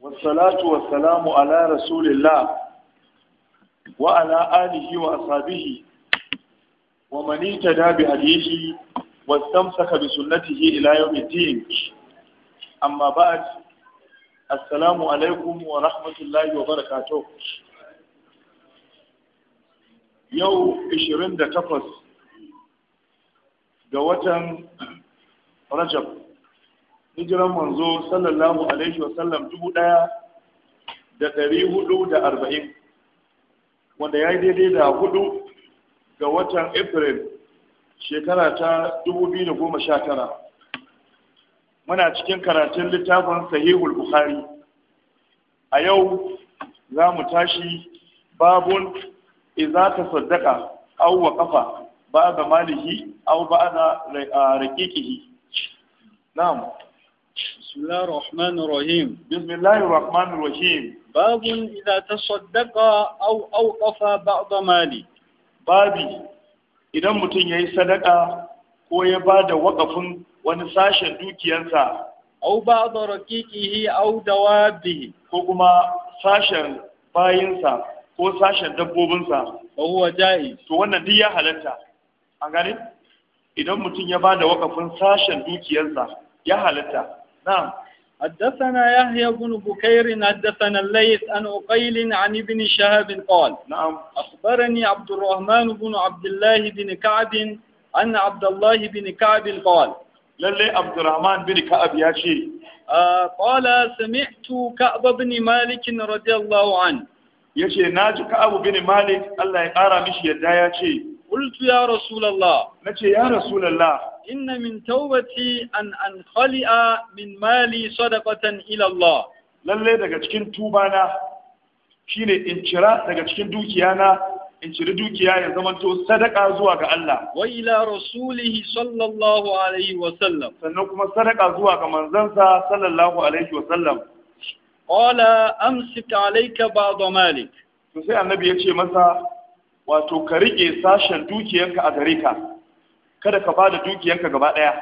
والصلاة والسلام على رسول الله وعلى آله وأصحابه ومن اتدى بهديه واستمسك بسنته إلى يوم الدين أما بعد السلام عليكم ورحمة الله وبركاته يوم 28 ga watan رجب hijiran manzo sallallahu alaihi wa sallam dubu ɗaya da dari hudu da arba'in wanda ya yi daidai da hudu ga watan april shekara ta dubu biyu da goma sha tara muna cikin karatun littafin sahihul bukhari a yau za mu tashi babun iza ta saddaka au wa kafa ba ga malihi au ba ga raƙiƙihi na'am بسم الله rahim. الرحيم بسم الله الرحمن الرحيم باب إذا تصدق أو أوقف بعض مالي babi idan mutum ya yi sadaka ko ya ba da waƙafin wani sashen dukiyarsa au ba da rakikihi au dawabihi ko kuma sashen bayinsa ko sashen dabbobinsa huwa ja'i to wannan duk ya halatta an gane idan mutum ya ba da waƙafin sashen dukiyarsa ya halatta نعم حدثنا يحيى بن بكير حدثنا الليث عن عقيل عن ابن شهاب قال نعم أخبرني عبد الرحمن بن عبد الله بن كعب أن عبد الله بن كعب قال للي عبد الرحمن بن كعب يا شيء آه قال سمعت كعب بن مالك رضي الله عنه يا شيء ناجي كعب بن مالك الله يقارى مش يدا يا شيء قلت يا رسول الله نتي يا رسول الله إن من توبتي أن أنخلئ من مالي صدقة إلى الله lalle daga cikin tubana shine in cira daga cikin dukiyana in ciri dukiya ya zamanto sadaka zuwa ga Allah wa ila rasulihi sallallahu alaihi wa sallam sannan kuma sadaka zuwa ga manzansa sallallahu alaihi wa sallam qala amsik alayka malik to annabi yace masa wato ka rike sashen dukiyanka a gare ka kada ka bada dukiyanka gaba daya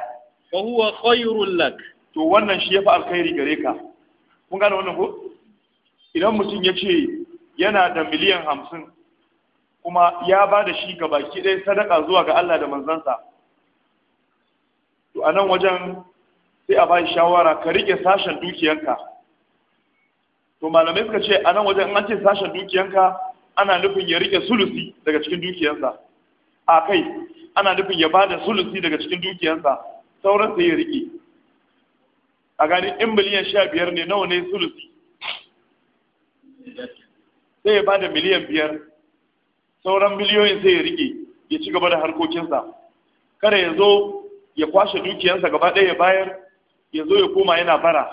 fa huwa khairul lak to wannan shi yafi alkhairi gare ka kun gane wannan ko idan mutum ya ce yana da miliyan hamsin kuma ya ba da shi ga baki ɗaya sadaka zuwa ga Allah da manzansa to a nan wajen sai a ba shawara ka rike sashen dukiyanka to malamai suka ce a nan wajen an ce sashen dukiyanka ana nufin ya rike sulusi daga cikin dukiyarsa a kai ana nufin ya bada sulusi daga cikin dukiyarsa sauran sai ya rike a gani in miliyan sha biyar ne nawa ne sulusi sai ya bada miliyan biyar sauran miliyoyin sai ya rike ya ci gaba da harkokinsa kada ya zo ya kwashe dukiyarsa gaba ɗaya ya bayar ya zo ya koma yana bara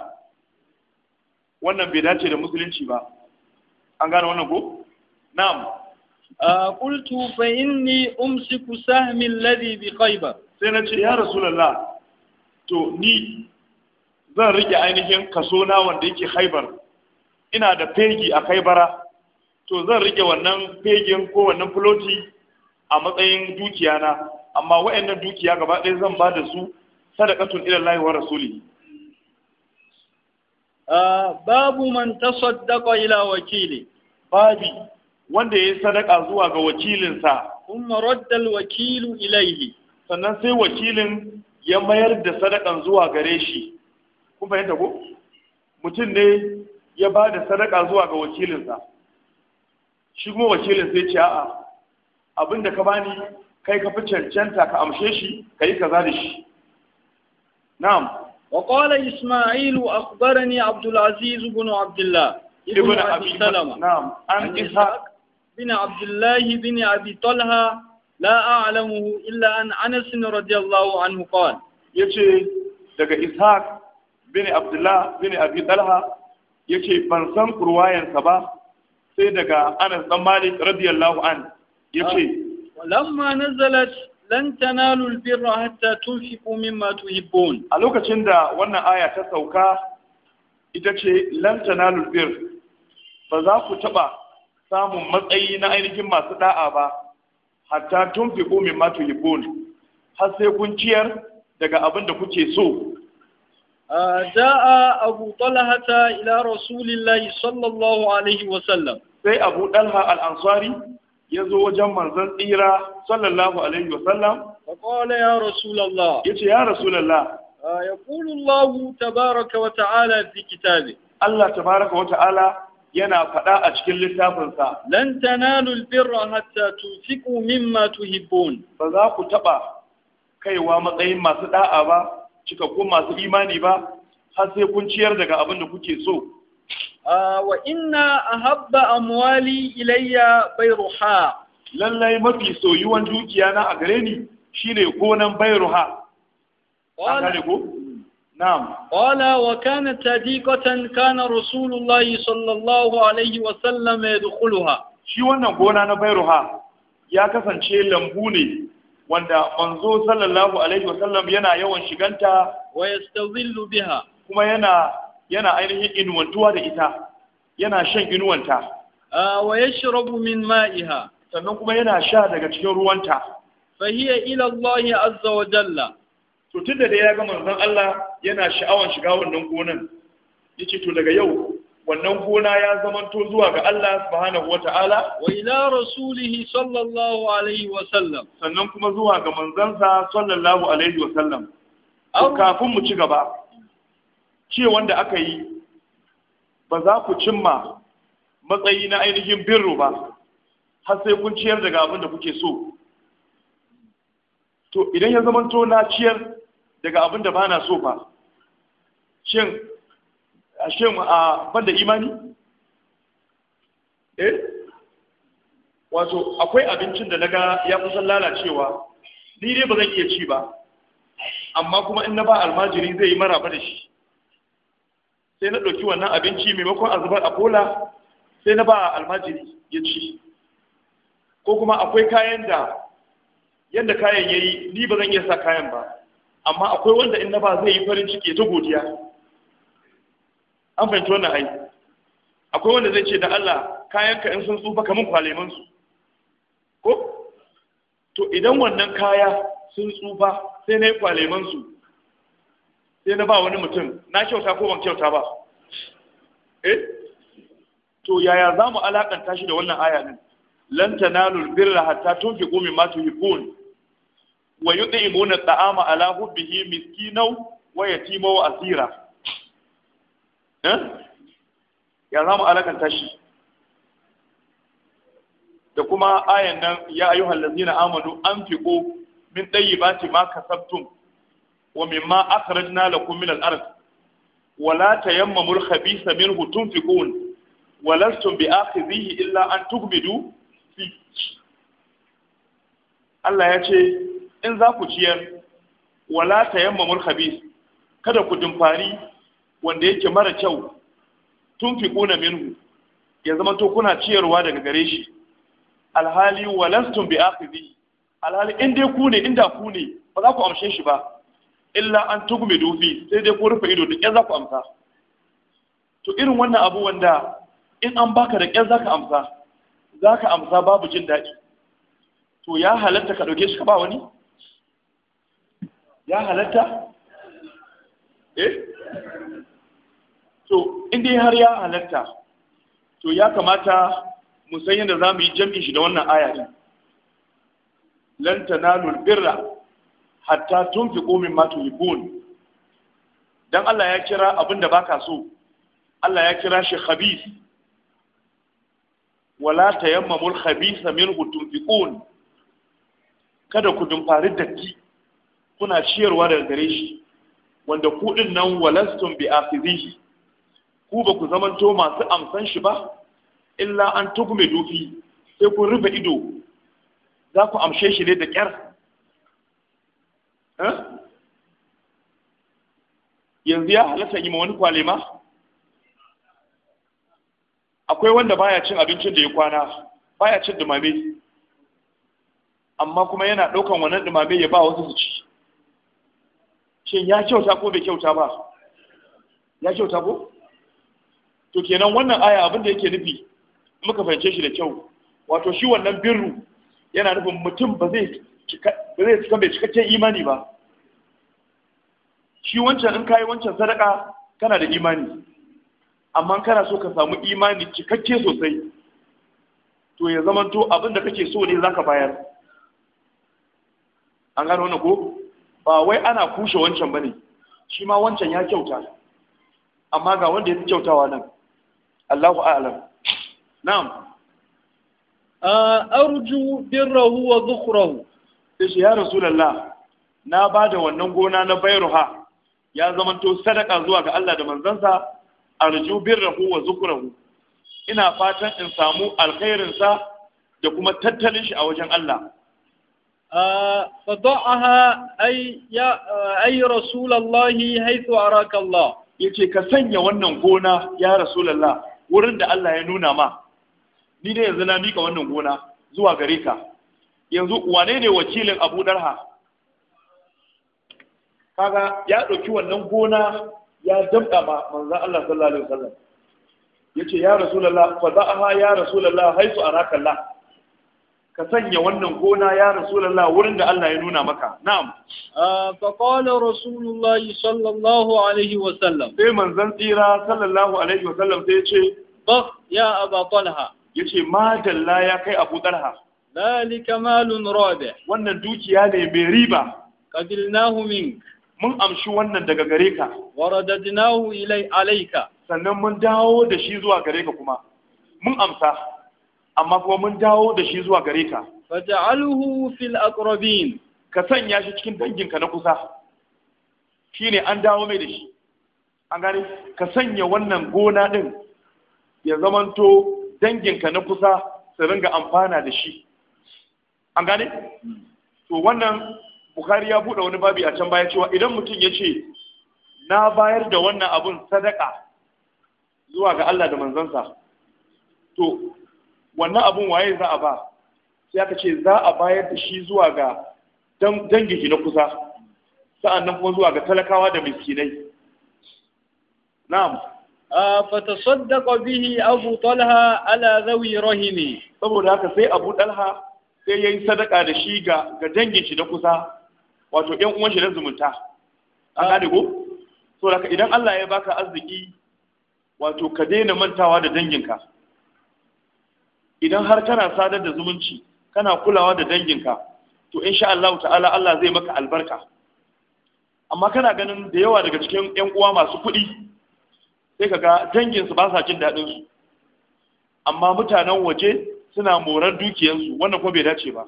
wannan bai dace da musulunci ba an gane wannan ko na'am ah, qultu fa ni umsi kusa min bi khaybar sai na ce ya rasulullah to ni zan rike ainihin kaso na wanda yake haibar, ina da fegi a khaybara to zan rike wannan fegin ko wannan floti a matsayin dukiya na amma wayannan dukiya gaba ɗaya zan ba da su sadaqatun ila Allah wa rasuli ah, babu man tasaddaqa ila wakili babi wanda ya yi sadaka zuwa ga wakilinsa kuma raddal wakilu ilaihi sannan sai wakilin ya mayar da sadakan zuwa gare shi kun fahimta ko mutum ne ya ba da sadaka zuwa ga wakilinsa shi kuma wakilin sai ce a'a abinda ka bani kai ka fi cancanta ka amshe shi ka yi kaza da shi na'am wa qala isma'ilu akhbarani abdul aziz ibn abdullah ibn abi salama na'am an ishaq بن عبد الله بن أبي طلحة لا أعلمه إلا أن أنس رضي الله عنه قال يجي daga Ishaq bin Abdullah bin Abi Talha yace ban san kurwayansa ba sai daga Anas dan Malik radiyallahu an yace lamma nazalat lan tanalu albirra hatta tunfiqu mimma tuhibbun a lokacin da wannan aya ta sauka ita ce lan tanalu ba za ku taɓa. samun matsayi na ainihin masu da'a ba hatta tun fi tunfiqu mimma tuhibbun har sai kun ciyar daga abin da kuke so da'a abu talhata ila rasulillahi sallallahu alaihi wa sallam sai abu dalha al-ansari ya zo wajen manzon tsira sallallahu alaihi wa sallam fa qala ya rasulullah yace ya rasulullah yaqulu allah tabaaraka wa ta'ala fi kitabi allah tabaaraka wa ta'ala yana faɗa a cikin littafinsa lan tanalu albirra hatta tunfiqu mimma tuhibbun ba za ku taɓa kaiwa matsayin masu da'a ba cikakkun masu imani ba har sai kun ciyar daga abin da kuke so wa inna ahabba amwali ilayya ruha? lallai mafi soyuwan dukiya na a gare ni shine gonan bayruha an ko نعم قال وكانت صديقة كان رسول الله صلى الله عليه وسلم يدخلها shi wannan gona na bairuha ya kasance lambu ne wanda manzo sallallahu alaihi wasallam yana yawan shiganta wa yastazillu biha kuma yana yana ainihin inuwantuwa da ita yana shan inuwanta wa yashrabu min ma'iha sannan kuma yana sha daga cikin ruwanta fa hiya ila Allah azza wa jalla to tunda da ya ga manzon Allah yana sha'awan shiga wannan gonan yace to daga yau wannan gona ya to zuwa ga Allah subhanahu wata'ala wa ila rasulihi sallallahu alaihi wa sallam sannan kuma zuwa ga manzansa sallallahu alaihi wa sallam kafin mu ci gaba ce wanda aka yi ba za ku cimma matsayi na ainihin birru ba har sai kun ciyar daga abin da kuke so to idan ya to na ciyar daga abin da ba na so fa shin shin a banda imani eh wato akwai abincin da naga ya kusan lalacewa ni dai ba zan iya ci ba amma kuma in na ba almajiri zai yi maraba da shi sai na ɗauki wannan abinci maimakon a zubar a bola sai na ba almajiri ya ci ko kuma akwai kayan da yadda kayan ya yi ni ba zan iya sa kayan ba amma akwai wanda in na ba zai yi farin ciki ta godiya an fahimci wannan ai akwai wanda zai ce da Allah kayan ka in sun tsufa kamun kwaleman su ko to idan wannan kaya sun tsufa sai na yi kwaleman su sai na ba wani mutum na kyauta ko ban kyauta ba eh to yaya za mu alakanta shi da wannan aya din lan tanalul birra hatta tunfiqu mimma tuhibbun wa yud'imuna at'ama ala hubbihi miskinaw wa yatima wa asira Eh? ya zama mu alakanta shi da kuma ayan nan ya ayu hallazina amanu anfiqu min tayyibati ma kasabtum wa mimma akhrajna lakum min al-ard wa la tayammamul khabitha minhu Walastun wa lastum zihi illa an tughmidu fi Allah ya ce in za ku ciyar wala tayammamul khabith kada ku dumfari wanda yake mara kyau tun fi tunfiquna minhu ya zama to kuna ciyarwa daga gare shi alhali walastum bi akhidhi alhali in dai ku ne inda ku ne ba za ku amshe shi ba illa an tugme dubi, sai dai ku rufe ido da ƙyar za ku amsa to irin wannan abu wanda in an baka da ƙyar za ka amsa za ka amsa babu jin daɗi to ya halatta ka ɗauke shi ka ba wani ya halatta eh to in dai har ya halatta to ya kamata mu san yadda za mu yi jam'i shi da wannan aya din lan tanalul birra hatta tunfiqu mimma tuhibbun dan Allah ya kira abin da baka so Allah ya kira shi khabith wala tayammamul khabitha minhu tunfiqun kada ku dumfari datti kuna ciyarwa da gare shi wanda kuɗin nan walastum bi akhidhihi ku ba ku zamanto masu amsan shi ba illa an mai dofi, sai ku rufe ido za ku amshe shi ne da kyar eh? yanzu ya halatta yi ma wani kwalema akwai wanda baya cin abincin da ya kwana baya cin dumame amma kuma yana ɗaukan wannan dumame ya ba wasu su ci shin ya kyauta ko bai kyauta ba ya kyauta ko to kenan wannan aya abin da yake nufi muka fahimce shi da kyau wato shi wannan birru yana nufin mutum ba zai cika bai cikakken imani ba shi wancan in kayi wancan sadaka kana da imani amma kana so ka samu imani cikakke sosai to ya to abin da kake so ne zaka bayar an gano wannan ko ba wai ana kushe wancan bane shi ma wancan ya kyauta amma ga wanda ya fi kyautawa nan Allahu a'lam na'am uh, arju birrahu wa zukhrahu sai ya rasulullah na da wannan gona na bairuha. ya zamanto sadaka zuwa ga Allah da manzansa arju birrahu wa zukhrahu ina fatan in samu alkhairin sa da kuma tattalin shi a wajen Allah uh, fa da'aha ay ya uh, ay rasulullah haythu araka Allah yace ka sanya wannan gona ya rasulullah wurin da Allah ya nuna ma ni dai yanzu na mika wannan gona zuwa gare ka yanzu wane ne wakilin Abu Darha kaga ya ɗauki wannan gona ya damɗa ma manzon Allah sallallahu alaihi wasallam yace ya rasulullah fa za'aha ya rasulullah haitu araka Allah ka sanya wannan gona ya rasulullah wurin da Allah ya nuna maka na'am ah, fa qala rasulullah sallallahu alaihi wasallam sai manzon tsira sallallahu alaihi wasallam sai yace طف يا أبا طلحة يتي ما دلا يا كي أبو طلحة ذلك مال رابح وانا دوكي هذه بريبة قبلناه منك mun amshi wannan daga gare ka waradadnahu ilai alayka sannan mun dawo da shi zuwa gare ka kuma mun amsa amma kuma mun dawo da shi zuwa gare ka faj'alhu fil aqrabin ka sanya shi cikin dangin ka na kusa shine an dawo mai da shi an gane ka sanya wannan gona din ya zamanto danginka na kusa su ringa amfana da shi an gane to wannan bukari ya buɗe wani babi a can baya cewa idan mutum ya ce na bayar da wannan abun sadaka zuwa ga Allah da manzansa to wannan abun waye za a ba sai aka ce za a bayar da shi zuwa ga dangin na kusa sa'an nan kuma zuwa ga talakawa da miskinai na'am fatasaddaqa bihi Abu Talha ala zawi rahimi saboda haka sai Abu Talha sai yayi sadaka da shi ga ga dangin shi da kusa wato ɗan uwan shi na zumunta an gane ko so haka idan Allah ya baka arziki wato ka daina mantawa da danginka idan har kana sadar da zumunci kana kulawa da danginka to insha Allah ta'ala Allah zai maka albarka amma kana ganin da yawa daga cikin ƴan uwa masu kuɗi sai ka dangin su ba sa jin daɗinsu, amma mutanen waje suna morar dukiyarsu wannan kuma bai dace ba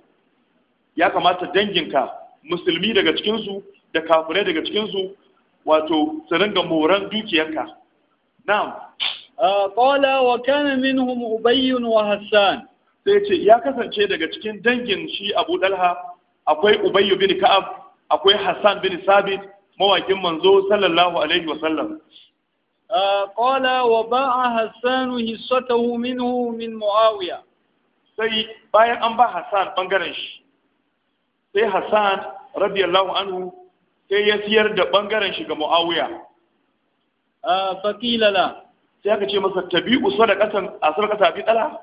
ya kamata danginka musulmi daga cikinsu da kafirai daga cikinsu wato su ringa moran dukiyarka. na'am qala wa kana minhum ubay wa hassan sai ce ya kasance daga cikin dangin shi Abu Dalha akwai Ubay bin Ka'ab akwai Hassan bin Sabit mawakin manzo sallallahu alaihi wa sallam قال وباع حسان حصته منه من معاوية sai bayan an ba Hassan bangaren shi sai Hassan radiyallahu anhu sai ya siyar da bangaren shi ga Muawiya fakila lala. sai aka ce masa tabi'u sadaqatan a sadaqata bi dala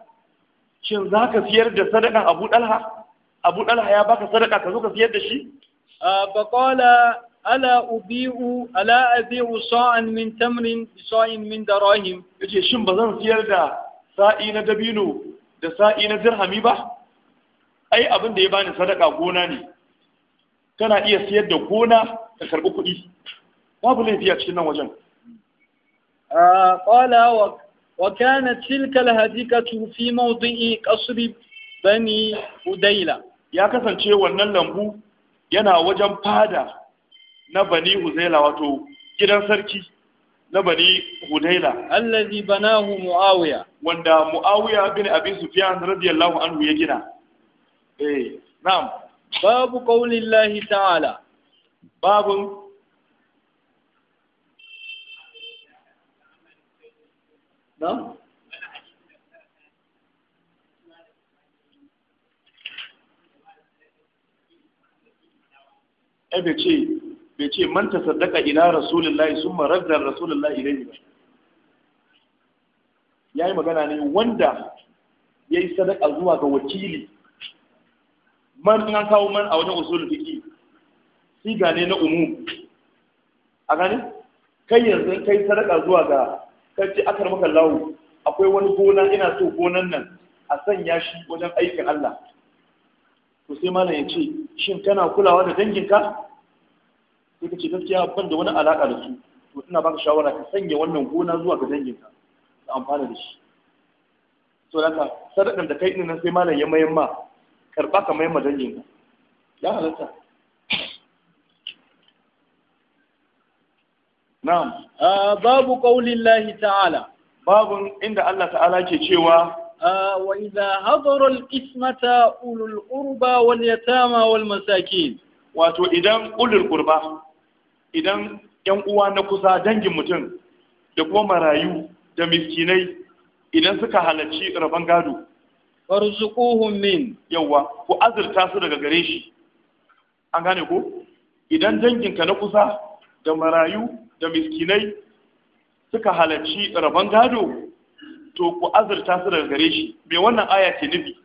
shin zaka siyar da sadakan Abu Dalha Abu Dalha ya baka sadaka ka zo ka siyar da shi fa qala ala ubi'u ala abi'u sa'an min tamrin bi sa'in min darahim yace shin bazan siyar da sa'i na dabino da sa'i na dirhami ba ai abin ya bani sadaka gona ne kana iya siyar da gona ka karbi kuɗi babu laifi cikin nan wajen qala wa wa kanat tilka alhadikatu fi mawdi'i qasri bani udaila ya kasance wannan lambu yana wajen fada na bani huzaila wato gidan sarki na bani hudaila allazi banahu muawiya wanda muawiya bin abi sufyan radiyallahu anhu ya gina eh na'am babu qaulillahi ta'ala babu na'am ebe eh, ce bai ce man saddaka ila rasulullahi summa maraddar rasulullahi ne ba Ya yi magana ne wanda ya yi sadaka zuwa ga wakili man kawo man a wajen usulun fiki siga ne na umu. a gani kai yanzu kai sadaka zuwa ga kace akar maka lawo akwai wani gona ina so gonan nan a sanya shi wajen aikin Allah to sai malam ya ce shin kana kulawa da danginka sai ka ce gaskiya ban da wani alaka da su to ina baka shawara ka sanya wannan gona zuwa ga danginka ka amfana da shi to haka sadakan da kai nan sai malam ya mayamma karba ka mayamma danginka ya halatta na'am babu qaulillahi ta'ala Babu inda Allah ta'ala ke cewa wa idza hadara al-qismata ulul qurba wal yatama wal masakin wato idan ulul qurba idan yan uwa na kusa dangin mutum da kuma marayu da miskinai idan suka halarci rabon gado farzuquhum min yawa ku azurta su daga gare shi an gane ko idan danginka na kusa da marayu da miskinai suka halarci rabon gado to ku azurta su daga gare shi me wannan aya ke nufi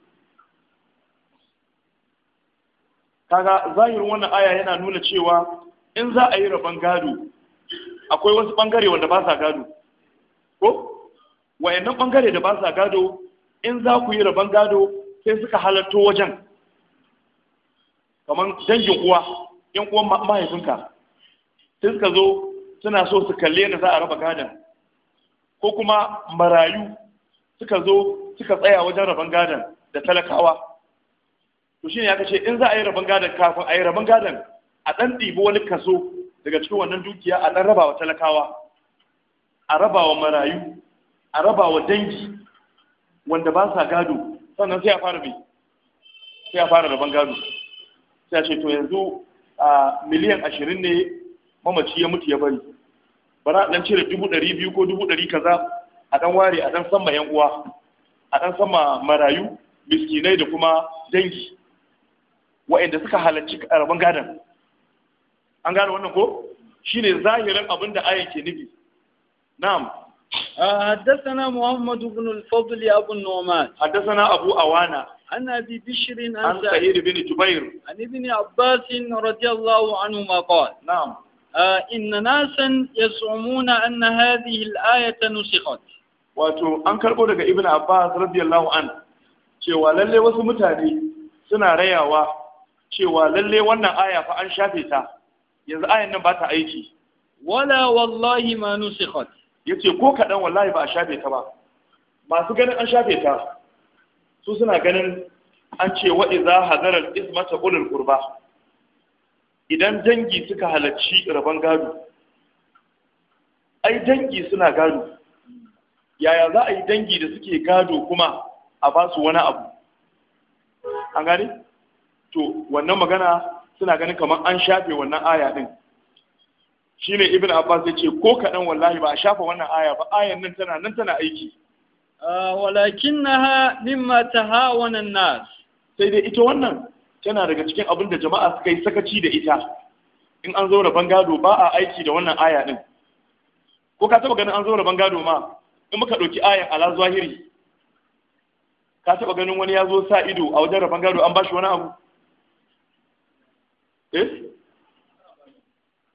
kaga zahirin wannan aya yana nuna cewa in za a yi rabon gado akwai wasu bangare wanda ba sa gado ko wayannan bangare da ba sa gado in za ku yi rabon gado sai suka halatto wajen kamar dangin uwa yan uwan mahaifinka sai suka zo suna so su kalle da za a raba gadon ko kuma marayu suka zo suka tsaya wajen rabon gadon da talakawa to shine aka ce in za a yi rabon gadon kafin a yi rabon gadon a ɗan ɗibi wani kaso daga cikin wannan dukiya a ɗan rabawa talakawa a rabawa marayu a rabawa dangi wanda ba sa gado sannan sai a fara bi sai a fara rabon gado sai a ce to yanzu a miliyan ashirin ne mamaci ya mutu ya bari bara a ɗan cire dubu ɗari biyu ko dubu ɗari kaza a ɗan ware a ɗan sama yan uwa a ɗan sama marayu miskinai da kuma dangi wa'inda suka halarci rabon gadon an gane wannan ko shine zahirin abin da ayan ke nufi na'am حدثنا محمد بن الفضل أبو النعمان حدثنا أبو أوانا عن أبي بشر عن سعيد بن جبير عن ابن عباس رضي الله عنهما قال نعم إن ناسا يزعمون أن هذه الآية نسخت wato an karɓo daga ibn abbas radiyallahu an cewa lalle wasu mutane suna rayawa cewa lallai wannan aya fa an shafe ta yanzu ayan nan ba ta aiki wala wallahi ma nusikhat yace ko kadan wallahi ba a shafe ta ba masu ganin an shafe ta su suna ganin an ce wa idza hadara ismata ulul qurba idan dangi suka halacci rabon gado ai dangi suna gado yaya za a yi dangi da suke gado kuma a ba su wani abu an gani to wannan magana suna ganin kamar an shafe wannan aya din shine ibn abbas ce ko kadan wallahi ba a shafa wannan aya ba ayan nan tana nan tana aiki ah, walakinnaha mimma tahawana nas sai dai ita wannan tana daga cikin abin da jama'a suka yi sakaci da ita in an zo rabon gado ba a aiki da wannan aya din ko ka taba ganin an zo rabon gado ma in muka ɗauki ayan ala zahiri ka taba ganin wani ya zo sa ido a wajen rabon gado an bashi wani abu eh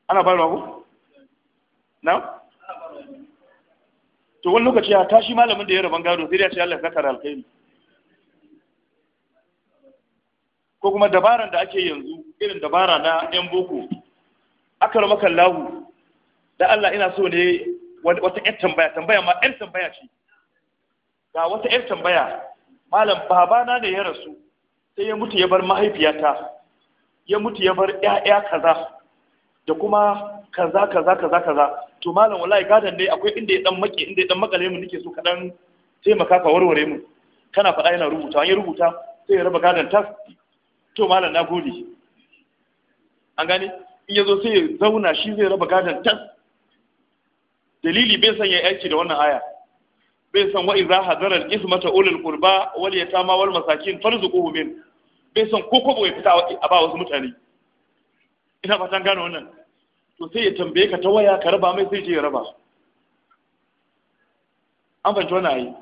ana ba ko na to wani lokaci ya tashi malamin da ya rabon gado sai ya ce Allah ya saka alkhairi ko kuma dabaran da ake yanzu irin dabara na yan boko akar maka lahu da Allah ina so ne wata yan tambaya tambaya ma yan tambaya ce ga wata yan tambaya malam babana ne ya rasu sai ya mutu ya bar mahaifiyata ya mutu ya bar ƴaƴa kaza da kuma kaza kaza kaza kaza to malam wallahi gadan dai akwai inda ya dan make inda ya dan makale mu nake so ka dan taimaka ka warware mu kana faɗa yana rubuta an yi rubuta sai ya raba gadan tas to malam na gode an gane in ya zo sai ya zauna shi zai raba gadan tas dalili bai san ya aiki da wannan aya bai san wa iza hadara al-ismata ulul qurba wal yatama wal masakin farzuquhum min bai son ko kobo ya fita a ba wasu mutane ina tan gano wannan to sai ya tambaye ka ta waya ka raba mai sai je ya raba an fahimci wannan ayi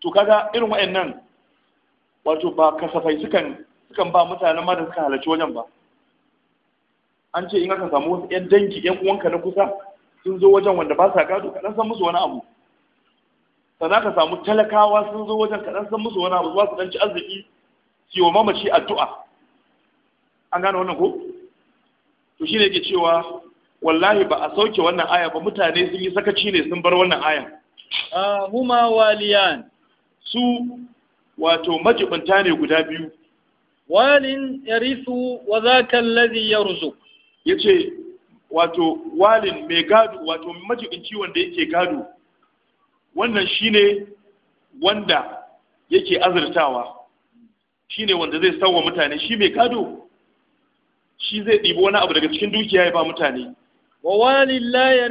to kaga irin wayannan wato ba kasafai sukan sukan ba mutanen ma da suka halarci wajen ba an ce in aka samu wasu yan dangi yan uwanka na kusa sun zo wajen wanda ba sa gado kaɗan san musu wani abu sannan ka samu talakawa sun zo wajen kaɗan san musu wani abu za su ɗan ci arziki ki wa mamaci addu'a an gane wannan ko to shine yake cewa wallahi ba a sauke wannan aya ba mutane sun yi sakaci ne sun bar wannan ayan ah, huma waliyan su wato majibinta ne guda biyu walin yarisu wa zaka allazi yarzuq yace wato walin mai gado wato majibinci wanda yake gado wannan shine wanda yake azurtawa ne wanda zai sauwa mutane shi mai kado shi zai ɗibi wani abu daga cikin dukiya ya ba mutane wa walil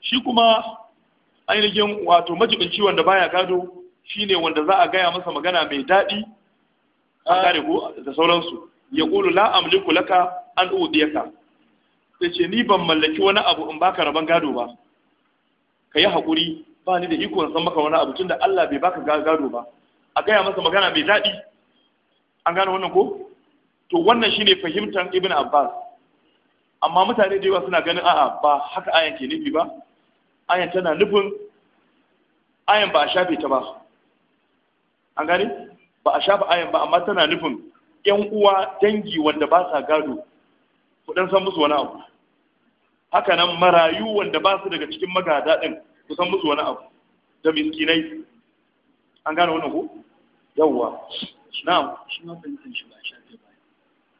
shi kuma ainihin wato majibinci wanda baya gado ne wanda za a gaya masa magana mai daɗi a kare ko da sauransu ya ƙulu la amliku laka an udiyaka sai ce ni ban mallaki wani abu in baka rabon gado ba ka yi haƙuri ba ni da iko na san maka wani abu tunda Allah bai baka gado ba a gaya masa magana mai daɗi an gane wannan ko to wannan shine fahimtar ibn abbas amma mutane da yawa suna ganin a'a ba haka ayan ke nufi ba ayan tana nufin ayan ba a shafe ta ba an gane ba a shafe ayan ba amma tana nufin yan uwa dangi wanda ba sa gado ku dan san musu wani abu haka nan marayu wanda ba su daga cikin magada din Kusan san musu wani abu da miskinai an gane wani ku? yawwa na'am eh shi ma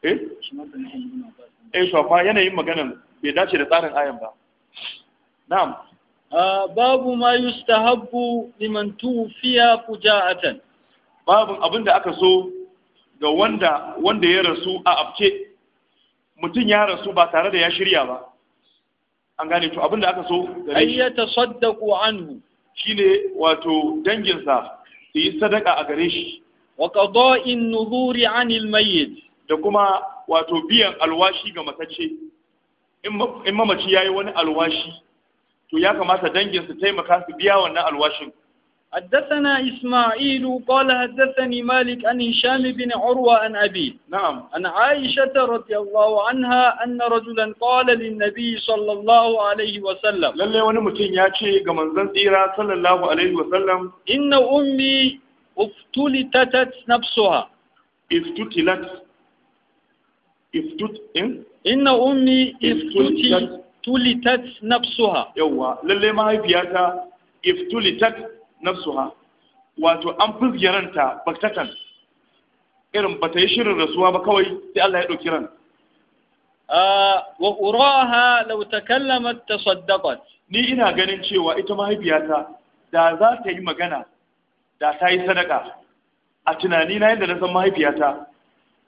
eh to yanayin maganan bai dace da tsarin ayan ba na'am babu ma yustahabbu liman tufiya fuja'atan babun da aka so ga wanda wanda ya rasu a afke mutum ya rasu ba tare da ya shirya ba an gane to abinda aka so gare shi ya tasaddaqu anhu shine wato danginsa su yi sadaka a gare shi wa qada'in nuzuri anil mayyit da kuma wato biyan alwashi ga matacce in mamaci yayi wani alwashi to ya kamata su taimaka su biya wannan alwashin حدثنا إسماعيل قال حدثني مالك عن هشام بن عروة عن أبي نعم عن عائشة رضي الله عنها أن رجلا قال للنبي صلى الله عليه وسلم للي ونمتين ياتي كمن زنزيرا صلى الله عليه وسلم إن أمي افتلتت نفسها افتتلت افتت إن أمي افتتلت نفسها يوا للي ما هي بياتا افتلتت nafsuha wato an fizge ranta baktakan irin bata yi shirin rasuwa ba kawai sai Allah ya ɗauki ran ah, wa uraha law takallamat tasaddaqat ni ina ganin cewa ita mahaifiyata da za ta yi magana da ta yi sadaka a tunani na yadda na san mahaifiyata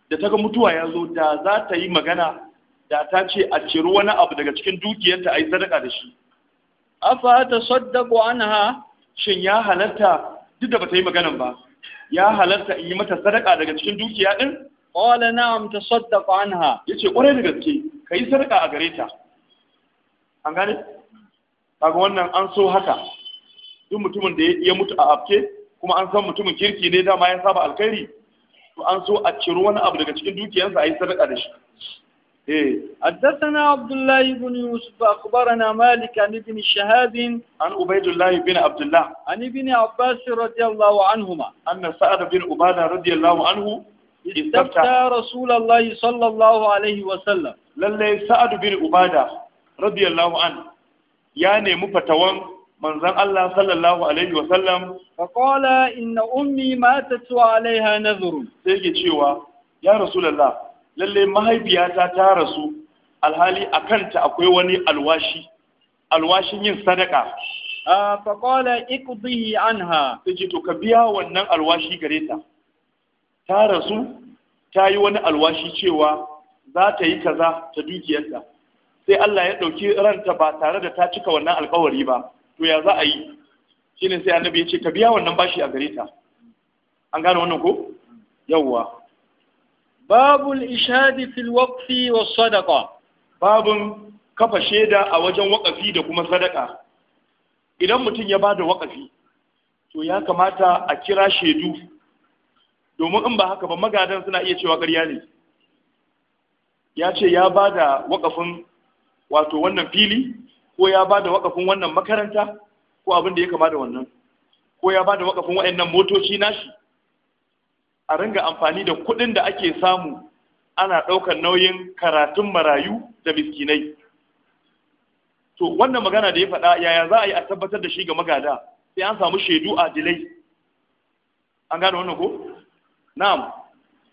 da ta ga mutuwa ya zo da za ta yi magana da ta ce a ciro wani abu daga cikin dukiyarta a yi sadaka da shi afa ta anha shin ya halatta duk da bata yi magana ba ya halatta in yi mata sadaka daga cikin dukiya din qala na'am tasaddaq anha yace kwarai da gaske kai sadaka a gare ta an gane kaga wannan an so haka duk mutumin da ya mutu a afke kuma an san mutumin kirki ne dama ya saba alkhairi to an so a ciro wani abu daga cikin dukiyarsa a yi sadaka da shi إيه حدثنا عبد الله بن يوسف أخبرنا مالك عن ابن شهاب عن عبيد الله بن عبد الله عن ابن عباس رضي الله عنهما أن سعد بن عبادة رضي الله عنه استفتى رسول الله صلى الله عليه وسلم للي سعد بن عبادة رضي الله عنه يعني مفتوان من زن الله صلى الله عليه وسلم فقال إن أمي ماتت وعليها نذر سيجي يا رسول الله lalle mahaifiyata ta rasu alhali a kanta akwai wani alwashi alwashin yin sadaka ah, fa qala iqdihi anha sai to ka biya wannan alwashi gare ta ta rasu ta yi wani alwashi cewa za ta yi kaza ta dukiyarta sai Allah ya ɗauki ranta ba tare da ta cika wannan alkawari ba to ya za a yi ne sai annabi ya ce ka biya wannan bashi a gare ta an gane wannan ko yawwa babul ishadi fil waqfi was sadaqa babun kafa shaida a wajen waƙafi da kuma sadaka idan mutum ya bada wakafi to ya kamata a kira shaidu domin in ba haka ba magadan suna iya cewa ƙarya ne ya ce ya bada wakafin wato wannan fili ko ya bada wakafin wannan makaranta ko abin da ya kamata da wannan ko ya bada wakafin waɗannan motoci nashi a ringa amfani da kuɗin da ake samu ana ɗaukar nauyin karatun marayu da miskinai to wannan magana da ya faɗa yaya za a yi a tabbatar da shi ga magada sai an samu shaidu a dilai an gane wannan ko na'am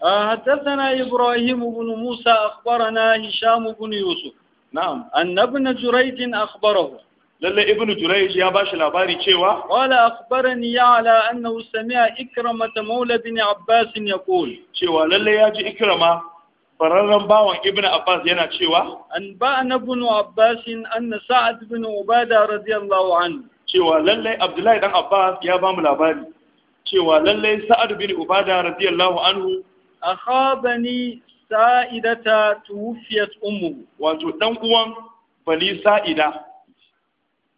حدثنا إبراهيم بن موسى أخبرنا هشام بن يوسف نعم أن ابن جريج أخبره lalle ibn jurayj ya bashi labari cewa wala akhbarani ya'la annahu sami'a ikramata maula bin abbas yaqul cewa lalle ya ji ikrama fararren bawan ibn abbas yana cewa an ba'ana ibn abbas anna sa'ad ibn ubada radiyallahu anhu cewa lalle abdullahi dan abbas ya bamu labari cewa lalle sa'ad bin ubada radiyallahu anhu akhabani sa'idata tuwfiyat ummu wato dan uwan bani sa'ida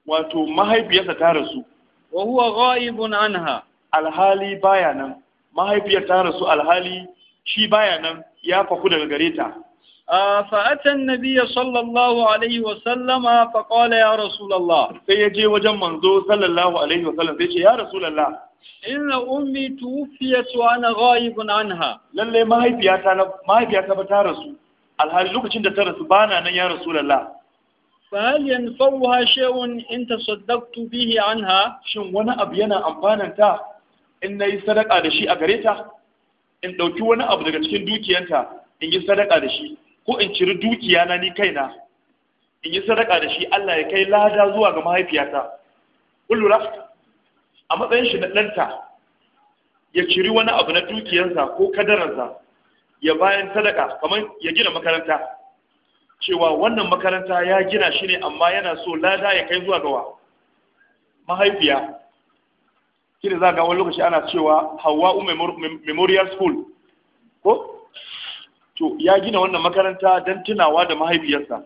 wato mahaifiyarsa ta rasu. Wa huwa ghaibun anha. Alhali baya nan, mahaifiyar ta rasu alhali shi baya nan ya faku daga gare ta. Fa atan nabiyya sallallahu alaihi wa sallama fa qala ya rasulullah. Sai ya je wajen manzo sallallahu alaihi wa sallam sai ce ya rasulullah. Inna ummi tuwfiyat wa ana ghaibun anha. Lalle mahaifiyata ba ta rasu. Alhali lokacin da ta rasu bana nan ya rasulullah. فهل ينفعها شيء إن تصدقت به عنها شن وانا أبينا أمفانا تا إن يصدق على شيء أقريتا إن دوكي وانا أبدك cikin dukiyanta in yi sadaka da shi? ko in ciri dukiya na ni kaina in yi sadaka da shi Allah ya kai lada zuwa ga mahaifiyata kullura a matsayin shi na ɗanta ya ciri wani abu na dukiyarsa ko kadararsa ya bayan sadaka kamar ya gina makaranta cewa wannan makaranta ya gina shi ne amma yana so lada ya kai zuwa gawa mahaifiya kira za ga wani lokaci ana cewa hawa'u umm memorial school ko to ya gina wannan makaranta don tunawa da mahaifiyarsa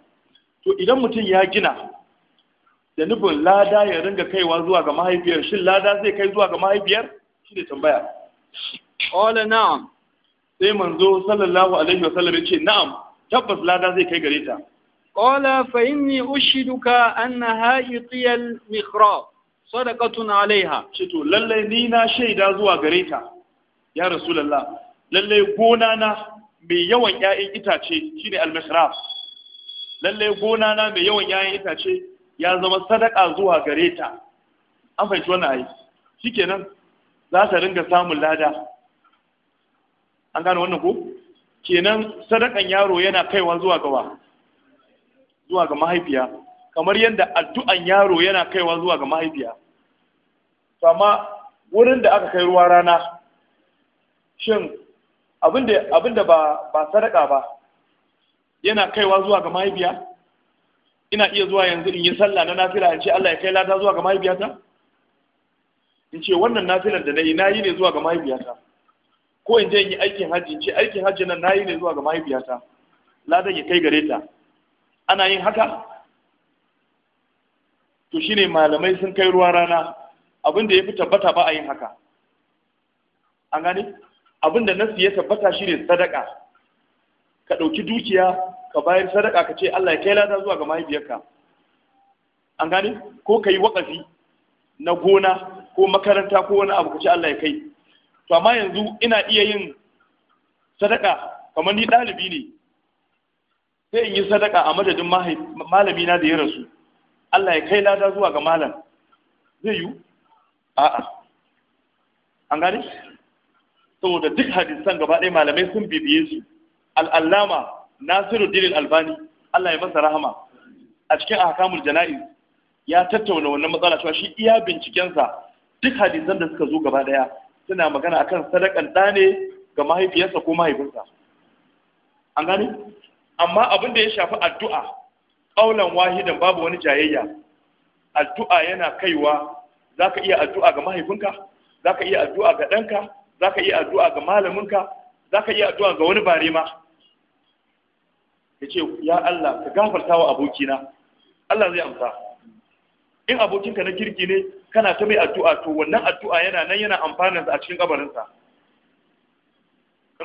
to idan mutum ya gina da nufin lada ya ringa kaiwa zuwa ga mahaifiyar shin lada zai kai zuwa ga mahaifiyar shi ne tambaya qala na'am sai manzo sallallahu alaihi wasallam ya ce na'am tabbas lada zai kai gare ta qala fa inni ushiduka anna ha'itiyal mihrab sadaqatun alaiha ce to lalle ni na shaida zuwa gare ta ya rasulullah lalle gona na mai yawan ƴaƴan itace shine al-mihrab lalle gona na mai yawan ƴaƴan itace ya zama sadaka zuwa gare ta an fahimci wannan ayi shikenan za ta ringa samun lada an gane wannan ko kenan sadakan yaro yana kaiwa zuwa gaba, zuwa ga mahaifiya kamar yadda addu'an yaro yana kaiwa zuwa ga mahaifiya amma wurin da aka kai ruwa rana shin abinda abinda ba ba sadaka ba yana kaiwa zuwa ga mahaifiya ina iya zuwa yanzu in yi sallah na nafila in ce Allah ya kai lada zuwa ga mahaifiyata in ce wannan nafilan da na yi na yi ne zuwa ga mahaifiyata ko in je in yi aikin hajji ce aikin hajji nan na yi ne zuwa ga mahaifiyata ladan ya kai gare ta ana yin haka to shine malamai sun kai ruwa rana abin da ya fi tabbata ba a yin haka an gane abin da nasi ya tabbata shine sadaka ka ɗauki dukiya ka bayar sadaka ka ce Allah ya kai lada zuwa ga mahaifiyarka an gane ko ka yi waƙafi na gona ko makaranta ko wani abu ka ce Allah ya kai to amma yanzu ina iya yin sadaka kamar ni ɗalibi ne sai in yi sadaka a madadin malami na da ya rasu Allah ya kai lada zuwa ga malam zai yi a'a an gane saboda duk hadisan gaba ɗaya malamai sun bibiye su al'allama nasiruddin albani Allah ya masa rahama a cikin ahkamul jana'iz ya tattauna wannan matsala cewa shi iya bincikensa duk hadisan da suka zo gaba ɗaya suna magana akan sadakan ɗa ne ga mahaifiyarsa ko mahaifinsa an gane amma abin da ya shafi addu'a ƙaunan wahidan babu wani jayayya addu'a yana kaiwa za ka iya addu'a ga mahaifinka za ka iya addu'a ga ɗanka za ka iya addu'a ga malaminka za ka iya addu'a ga wani bare ma ya ce ya Allah ka gafarta wa abokina Allah zai amsa in abokinka na kirki ne kana ta mai addu'a to wannan addu'a yana nan yana amfanin sa a cikin kabarin sa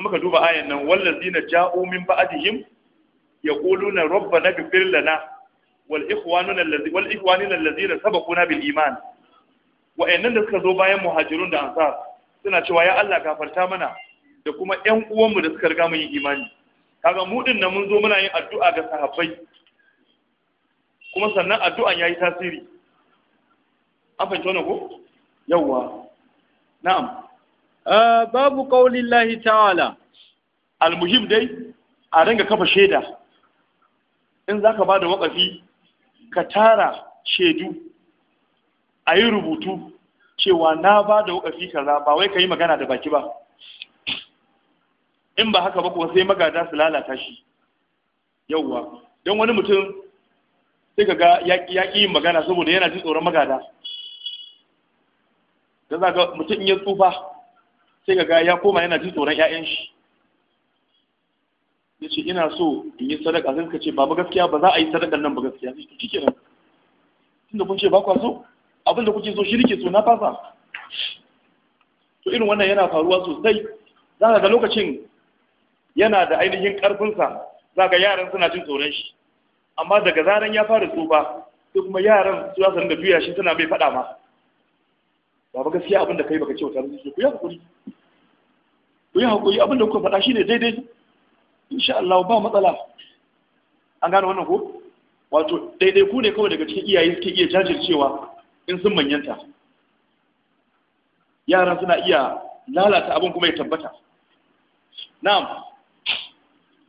muka duba ayan nan wallazina ja'u min ba'dihim yaquluna rabbana ighfir lana wal ikhwanuna allazi wal ikhwanina allazina sabaquna bil iman nan da suka zo bayan muhajirun da ansa suna cewa ya Allah gafarta mana da kuma ƴan uwanmu da suka riga mu yi imani kaga mu din nan mun zo muna yin addu'a ga sahabbai kuma sannan addu'an yayi tasiri afin tona ko yawwa na'am babu ƙaunin lahi ta'ala muhim dai a ringa kafa shaida in za ka ba da wakafi ka tara shaidu a yi rubutu cewa na ba da wakafi kaza ba wai ka yi magana da baki ba in ba haka ba kuma sai magada su lalata shi yauwa don wani mutum sai ka ga yaƙi yin magana saboda yana jin tsoron magada da za ga mutum ya tsufa sai ga ya koma yana ji tsoron 'ya'yan shi ya ce ina so in yi sadaka sai suka ce ba ba gaskiya ba za a yi sadaka nan ba gaskiya sai to kike nan tunda kun ce ba kwa so abinda kuke so shi nake so na fasa to irin wannan yana faruwa sosai za ka ga lokacin yana da ainihin karfinsa za ga yaran suna jin tsoron shi amma daga zaran ya fara tsufa sai kuma yaran su za su rinka juya shi suna bai faɗa ma ba gaskiya abin da kai baka ce wa zuciya ku yi hakuri ku yi hakuri abin da kuka faɗa shine daidai insha Allah ba matsala an gane wannan ko wato daidai ku ne kawai daga cikin iyaye suke iya jajircewa in sun manyanta yara suna iya lalata abin kuma ya tabbata na'am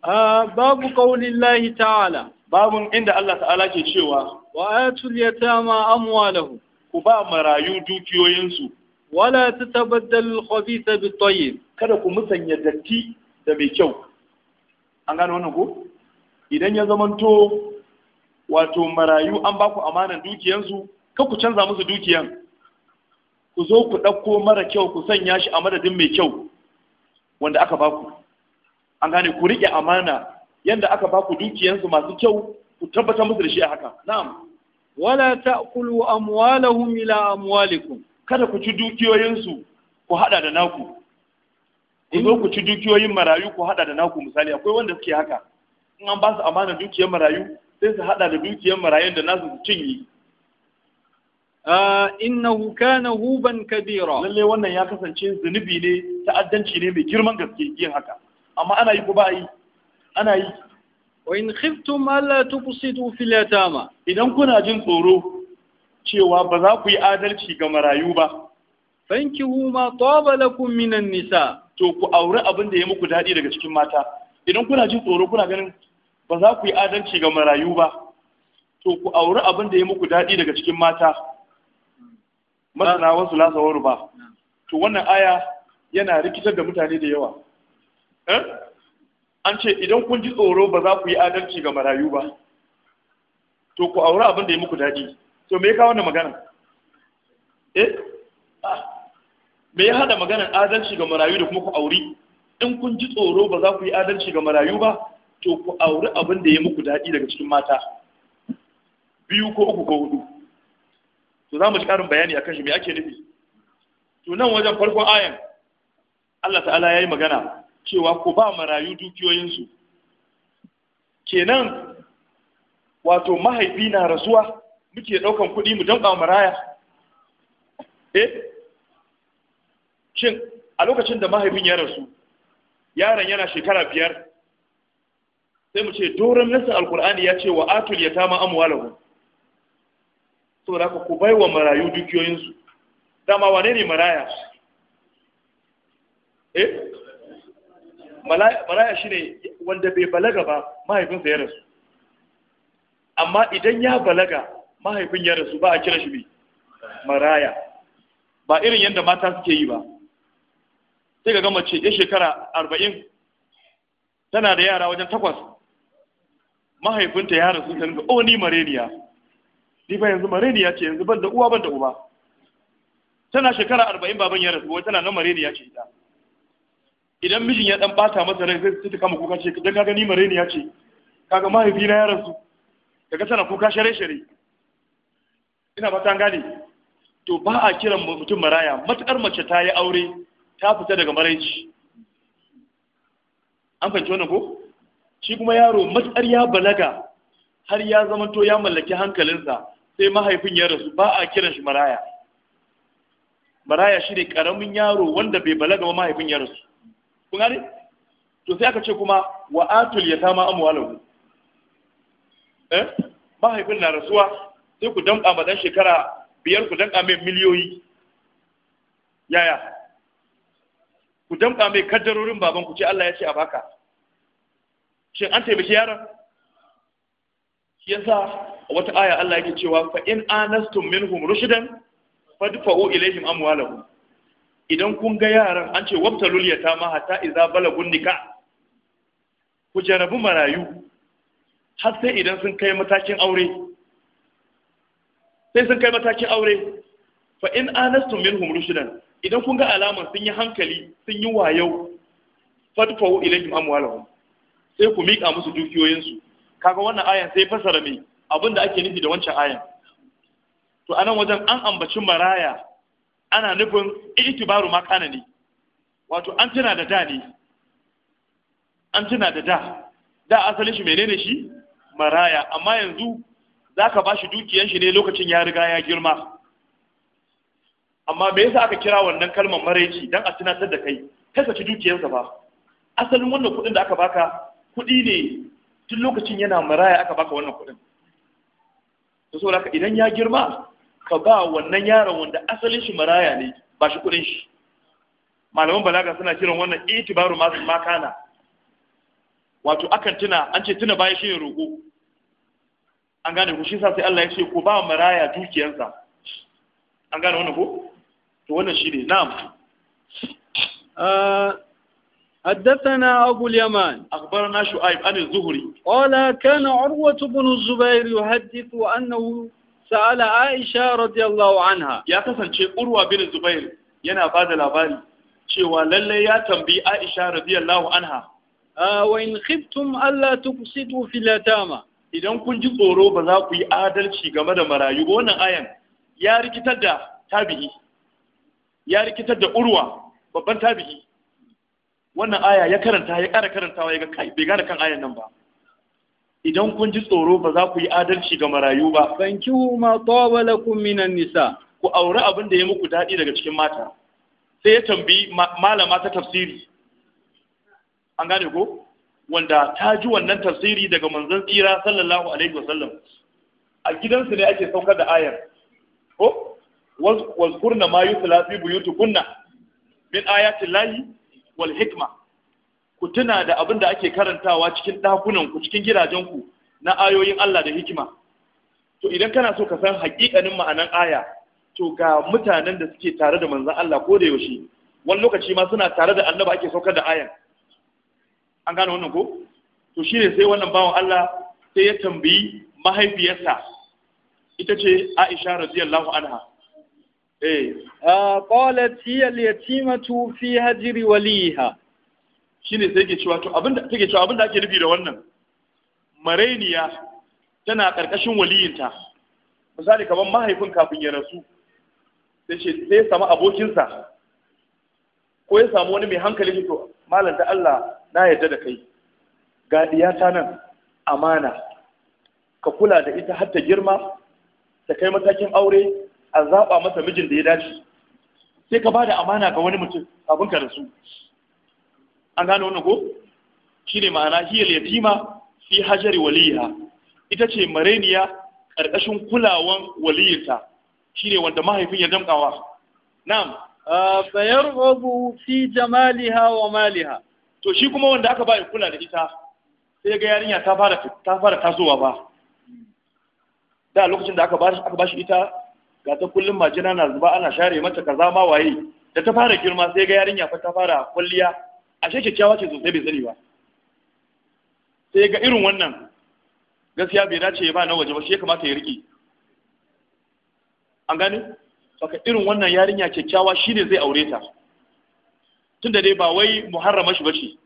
ah, babu kaulillahi ta'ala babun inda Allah ta'ala ke cewa wa ayatul yatama amwalahum ku ba marayu dukiyoyinsu wala tatabaddal ta bitoyi kada ku musanya datti da mai kyau an gane wannan ko idan ya zamanto wato marayu an baku ku amanan dukiyansu ka ku canza musu dukiyan ku zo ku ɗauko mara kyau ku sanya shi a madadin mai kyau wanda aka ba ku an gane ku riƙe amana yadda aka baku ku dukiyansu masu kyau ku tabbatar musu da shi a haka na'am wala ta'kulu amwalahum ila amwalikum kada ku ci dukiyoyinsu ku hada da naku ku zo ku ci dukiyoyin marayu ku hada da naku misali akwai wanda suke haka in an ba su amana dukiyar marayu sai su hada da dukiyar marayun da nasu su cinye ah, innahu kana huban kabira lalle wannan ya kasance zunubi ne ta'addanci ne mai girman gaske yin haka amma ana yi ku ba yi ana yi wa in khiftum alla tubsitu fil yatama idan kuna jin tsoro cewa ba za ku yi adalci ga marayu ba fankihu ma taba lakum minan nisa to ku aure abin da ya muku dadi daga cikin mata idan kuna jin tsoro kuna ganin ba za ku yi adalci ga marayu ba to ku aure abin da ya muku dadi daga cikin mata masana wasu lasa ba to wannan aya yana rikitar da mutane da yawa eh an ce idan kun ji tsoro ba za ku yi adalci ga marayu ba to ku aure abin da ya muku daɗi to me ya kawo wannan magana eh ah. me ya hada maganar adalci ga marayu da kuma ku auri in kun ji tsoro ba za ku yi adalci ga marayu ba to ku auri abin da ya muku daɗi daga cikin mata biyu ko uku ko hudu to za mu ci ƙarin bayani akan shi me ake nufi to nan wajen farkon ayan Allah ta'ala ya yi magana cewa ku ba marayu dukiyoyinsu kenan wato mahaifi na rasuwa muke ɗaukan kuɗi mu danƙa maraya eh shin a lokacin da mahaifin ya rasu yaron yana shekara biyar sai mu ce doron nasa alkur'ani ya ce wa atul ya tama amwalahu saboda ku bai wa marayu dukiyoyinsu dama wane ne maraya eh malaya shi ne wanda bai balaga ba mahaifinsa ya rasu amma idan ya balaga mahaifin ya rasu ba a kira shi mai maraya ba irin yadda mata suke yi ba sai ga gama ce ya shekara arba'in tana da yara wajen takwas mahaifinta ya rasu ta rinka o oh, ni mareniya ni ba yanzu mareniya ce yanzu ban da uwa ban da uba tana shekara arba'in baban ya rasu wai tana na mareniya ce ita idan mijin ya dan bata masa rai sai ta kama kuka ce dan kaga ni mare ne ya ce kaga mahaifi na ya rasu kaga tana kuka share share ina ba tan gane to ba a kiran mutum maraya matukar mace ta yi aure ta fita daga maraici an fahimci wannan ko shi kuma yaro matsar ya balaga har ya zamanto ya mallaki hankalinsa sai mahaifin ya rasu ba a kiran shi maraya maraya shi ne karamin yaro wanda bai balaga ba mahaifin ya rasu kun gane to sai aka ce kuma wa atul yatama amwalahu eh mahaifin na rasuwa sai ku danka ma dan shekara biyar ku danka mai miliyoyi yaya ku danka mai kaddarorin baban ku ce Allah ya ce a baka shin an taimaki yaron shi yasa wata aya Allah yake cewa fa in anastum minhum rushdan fadfa'u ilaihim amwalahum idan kun ga yaran an ce ta ma hata iza bala gunnika ku jarabi marayu har sai idan sun kai matakin aure sai sun kai matakin aure fa in anastum minhum rushdan idan kun ga alaman sun yi hankali sun yi wayo fadfa'u ilayhim amwalahum sai ku miƙa musu dukiyoyinsu kaga wannan ayan sai fasara mai abinda ake nufi da wancan ayan to anan wajen an ambaci maraya ana nufin itibaru ma kana ne wato an tuna da da ne an tuna da da da asalin shi menene shi maraya amma yanzu zaka ba shi dukiyan shi ne lokacin ya riga ya girma amma me yasa aka kira wannan kalmar maraici dan a tunatar da kai kai saci dukiyarsa ba asalin wannan kuɗin da aka baka kuɗi ne tun lokacin yana maraya aka baka wannan kuɗin to saboda idan ya girma ka ba wannan yaron wanda asalin shi maraya ne ba shi kudin shi malaman balaga suna kiran wannan itibaru masu makana wato akan tuna an ce tuna baya shi ne roƙo an gane ku shi sa sai Allah ya ce ku ba maraya dukiyarsa an gane wannan ko to wannan shi ne na'am حدثنا أبو اليمان أخبرنا شعيب عن الزهري قال كان عروة بن الزبير يحدث أنه sa'ala Aisha radiyallahu anha ya kasance Urwa bin Zubair yana ba da labari cewa lallai ya tambayi Aisha radiyallahu anha wa in khiftum alla tuqsitu fil yatama idan kun ji tsoro ba za ku yi adalci game da marayu wannan ayan ya rikitar da tabi'i ya rikitar da Urwa babban tabi'i wannan aya ya karanta ya ƙara karantawa ya ga kai bai gane kan ayan nan ba idan kun ji tsoro ba za ku yi adalci ga marayu ba huma ma tawalakum minan nisa ku aure abin da ya muku daɗi daga cikin mata sai ya tambayi malama ta tafsiri an gane ko wanda ta ji wannan tafsiri daga manzon tsira sallallahu alaihi wasallam a gidansu ne ake saukar da ayar ko wazkurna ma yutla fi buyutukunna min ayati llahi wal hikma ku tuna da abin da ake karantawa cikin ɗakunanku cikin gidajenku na ayoyin Allah da hikima to idan kana so ka san haƙiƙanin ma'anan aya to ga mutanen da suke tare da manzan Allah ko da yaushe wani lokaci ma suna tare da annaba ake saukar da ayan an gane wannan ko to shine sai wannan bawan Allah sai ya tambayi mahaifiyarsa ita ce Aisha radiyallahu anha eh ah, qalat hiya al-yatimatu fi hajri waliha shine sai ke cewa to abinda take cewa abinda ake nufi da wannan marainiya tana karkashin waliyinta misali kamar mahaifin kafin ya rasu sai ce sai ya samu abokinsa ko ya samu wani mai hankali shi to malam da Allah na yarda da kai ga ta nan amana ka kula da ita har ta girma ta kai matakin aure a zaɓa masa mijin da ya dace sai ka ba amana ga wani mutum abin ka rasu an gano wannan ko shine ma'ana hiyal yatima fi hajari waliha ita ce mareniya ƙarƙashin kulawan waliyinta shine wanda mahaifin ya damƙawa na'am fa yarghabu fi jamaliha wa maliha to shi kuma wanda aka bayar kula da ita sai ga yarinya ta fara ta tasowa ba da lokacin da aka ba ita ga ta kullum majina na zuba ana share mata kaza ma waye da ta fara girma sai ga yarinya fa ta fara kulliya ashe kyakkyawa ce sosai bai sani ba sai ga irin wannan gaskiya bai dace ya ba na waje ba shi ya kamata ya riƙe an gane saka irin wannan yarinya kyakkyawa ne zai aure ta tunda dai ba wai muharrama shi bace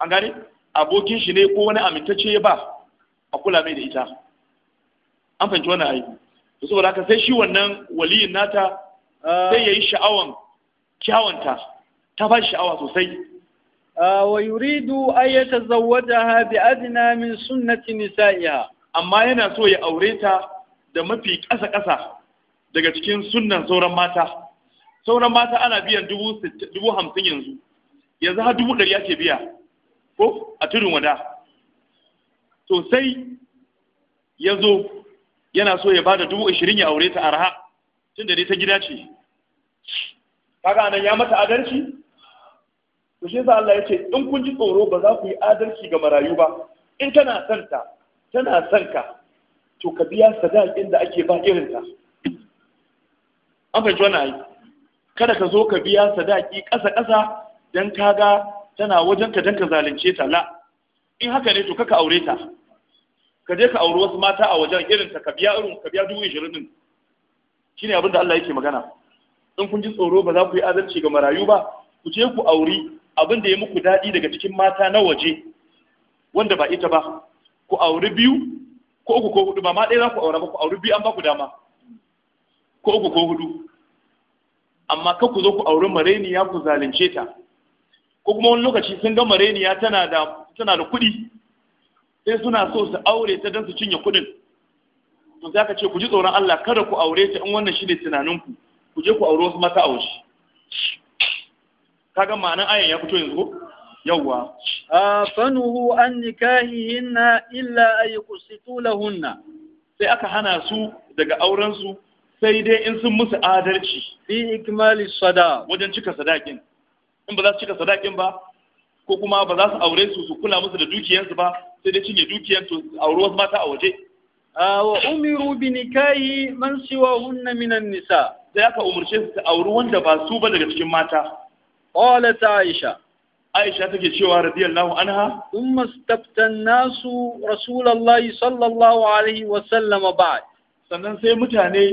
an gane abokin shi ne ko wani amintacce ya ba a kula mai da ita an fahimci wannan aiki. da saboda haka sai shi wannan waliyin nata ah. sai ya yi sha'awan kyawanta ta ba shi sha'awa sosai wa yuridu an yatazawwajaha bi adna min sunnati nisa'iha amma yana so ya aure ta da mafi ƙasa ƙasa daga cikin sunnan sauran mata sauran mata ana biyan dubu hamsin yanzu yanzu har dubu ɗari ake biya ko a tudun wada to sai ya zo yana so ya ba da dubu ashirin ya aure ta arha tun da ta gida ce kaga nan ya mata adalci to shi yasa Allah ya ce in kun ji tsoro ba za ku yi adalci ga marayu ba in kana son ta tana son ka to ka biya sadakin da ake ba irin ta an fahimci wannan ai kada ka zo ka biya sadaki ƙasa ƙasa dan kaga tana wajen ka dan ka zalunce ta la in haka ne to kaka aure ta ka je ka auri wasu mata a wajen irin ta ka biya irin ka biya dubu ishirin din shine abin da Allah yake magana in kun ji tsoro ba za ku yi adalci ga marayu ba ku je ku auri abin da ya muku daɗi daga cikin mata na waje wanda ba ita ba ku auri biyu ko uku ko hudu ba ma ɗaya za ku aura ba ku auri biyu an ba ku dama ko uku ko hudu amma ka ku zo ku auri mareniya ku zalunce ta ko kuma wani lokaci sun ga mareniya tana da kuɗi sai suna so su aure ta don su cinye kuɗin to sai aka ce ku ji tsoron Allah kada ku aure ta in wannan shine tunaninku ku je ku auri wasu mata a waje kaga ma'anan ayan ya fito yanzu ko A fanuhu an nikahihinna illa ay qusitu lahunna sai aka hana su daga auren su sai dai in sun musu adalci fi ikmali sada wajen cika sadakin in ba za su cika sadakin ba ko kuma ba za su aure su su kula musu da dukiyansu ba sai dai cinye dukiyan to aure wasu mata a waje wa umiru bi nikahi man siwa hunna minan nisa sai aka umurce su ta auri wanda ba su ba daga cikin mata qalat aisha aisha take cewa radiyallahu anha thumma staftan nasu rasulullahi sallallahu alaihi wa sallama ba'd sannan sai mutane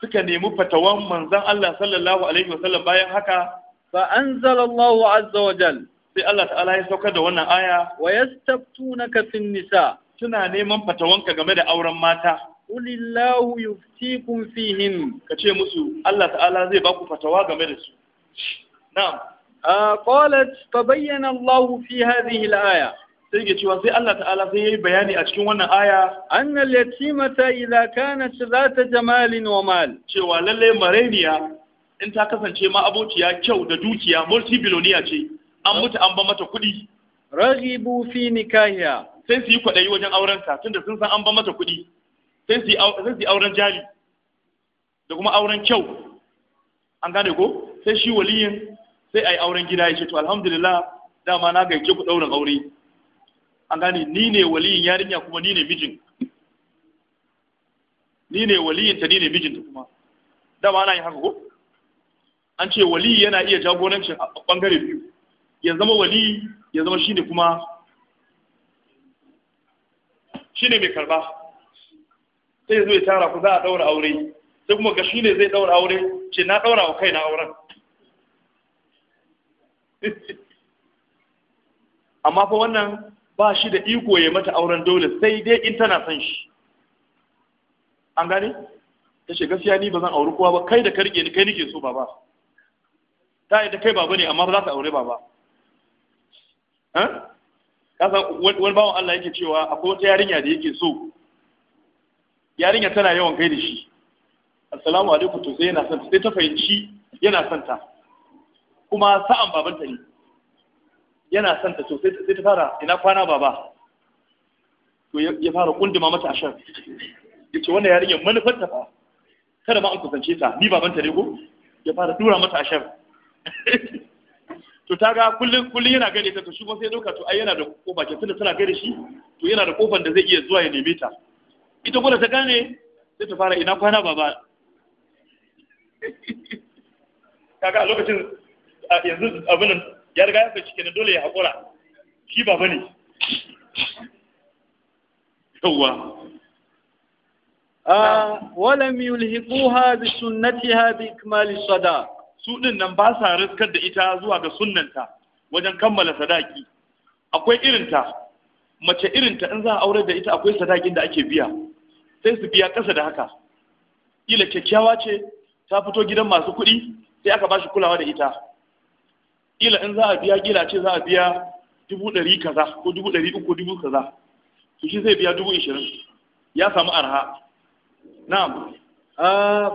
suka nemi fatawan manzon Allah sallallahu alaihi wa sallam bayan haka fa anzalallahu azza wa jal sai Allah ta'ala ya saukar da wannan aya wa na fin nisa suna neman fatawanka game da auren mata Ulillahu yuftikum fihim kace musu Allah ta'ala zai baku fatawa game da su na'am qalat fa bayyana Allah fi hadhihi al-aya sai ke cewa sai Allah ta'ala sai yayi bayani a cikin wannan aya annal yatimata idza kanat zata jamalin wa mal cewa lalle mareniya in ta kasance ma abociya kyau da dukiya multi billionaire ce an mutu an ba mata kuɗi raghibu fi nikahiya sai su yi kwaɗayi wajen auren ta tunda sun san an ba mata kuɗi sai su yi auren jari da kuma auren kyau an gane ko sai shi waliyin sai a yi auren gida ya ce to alhamdulillah dama na gaice ku ɗaurin aure an gane ni ne waliyin yarinya kuma ni ne mijin ni ne waliyin ta ni ne mijin ta kuma dama ana yin haka ko an ce wali yana iya jagorancin a bangare biyu ya zama wali ya zama shine kuma shine mai karba sai zo ya tara ku za a daura aure sai kuma ga shine zai daura aure ce na daura wa na auren amma fa wannan ba shi da iko ya mata auren dole sai dai in tana son shi an gane ta ce gaskiya ni ba zan auri kowa ba kai da ka ni kai nike so baba ta yi da kai baba ne amma ba za ka aure baba ka san wani bawan Allah yake cewa akwai wata yarinya da yake so yarinya tana yawan kai da shi assalamu alaikum to sai yana son sai ta fahimci yana son ta kuma sa'an babanta ne yana son ta so sai ta fara ina kwana baba to ya fara kunduma mata a shan ya ce wannan yarinyar manufar ta fa kada ma an kusance ta ni baban ta ne ko ya fara dura mata a shan to ta ga kullum kullum yana gane ta to shi kuma sai doka to ai yana da kofa ke tunda tana gare shi to yana da kofan da zai iya zuwa ya neme ta ita kuma ta gane sai ta fara ina kwana baba kaga a lokacin yanzu abin ya riga ya fahimci kenan dole ya haƙura shi ba bane yawwa ah, walam yulhiquha bi sunnatiha bi ikmali sada su din nan ba sa riskar da ita zuwa ga sunnanta wajen kammala sadaki akwai irinta mace irinta in za a aure da ita akwai sadakin da ake biya sai su biya ƙasa da haka ila kyakkyawa ce ta fito gidan masu kuɗi sai aka ba shi kulawa da ita kila in za a biya kila ce za a biya dubu ɗari kaza ko dubu ɗari uku dubu kaza to shi zai biya dubu ishirin ya samu arha na'am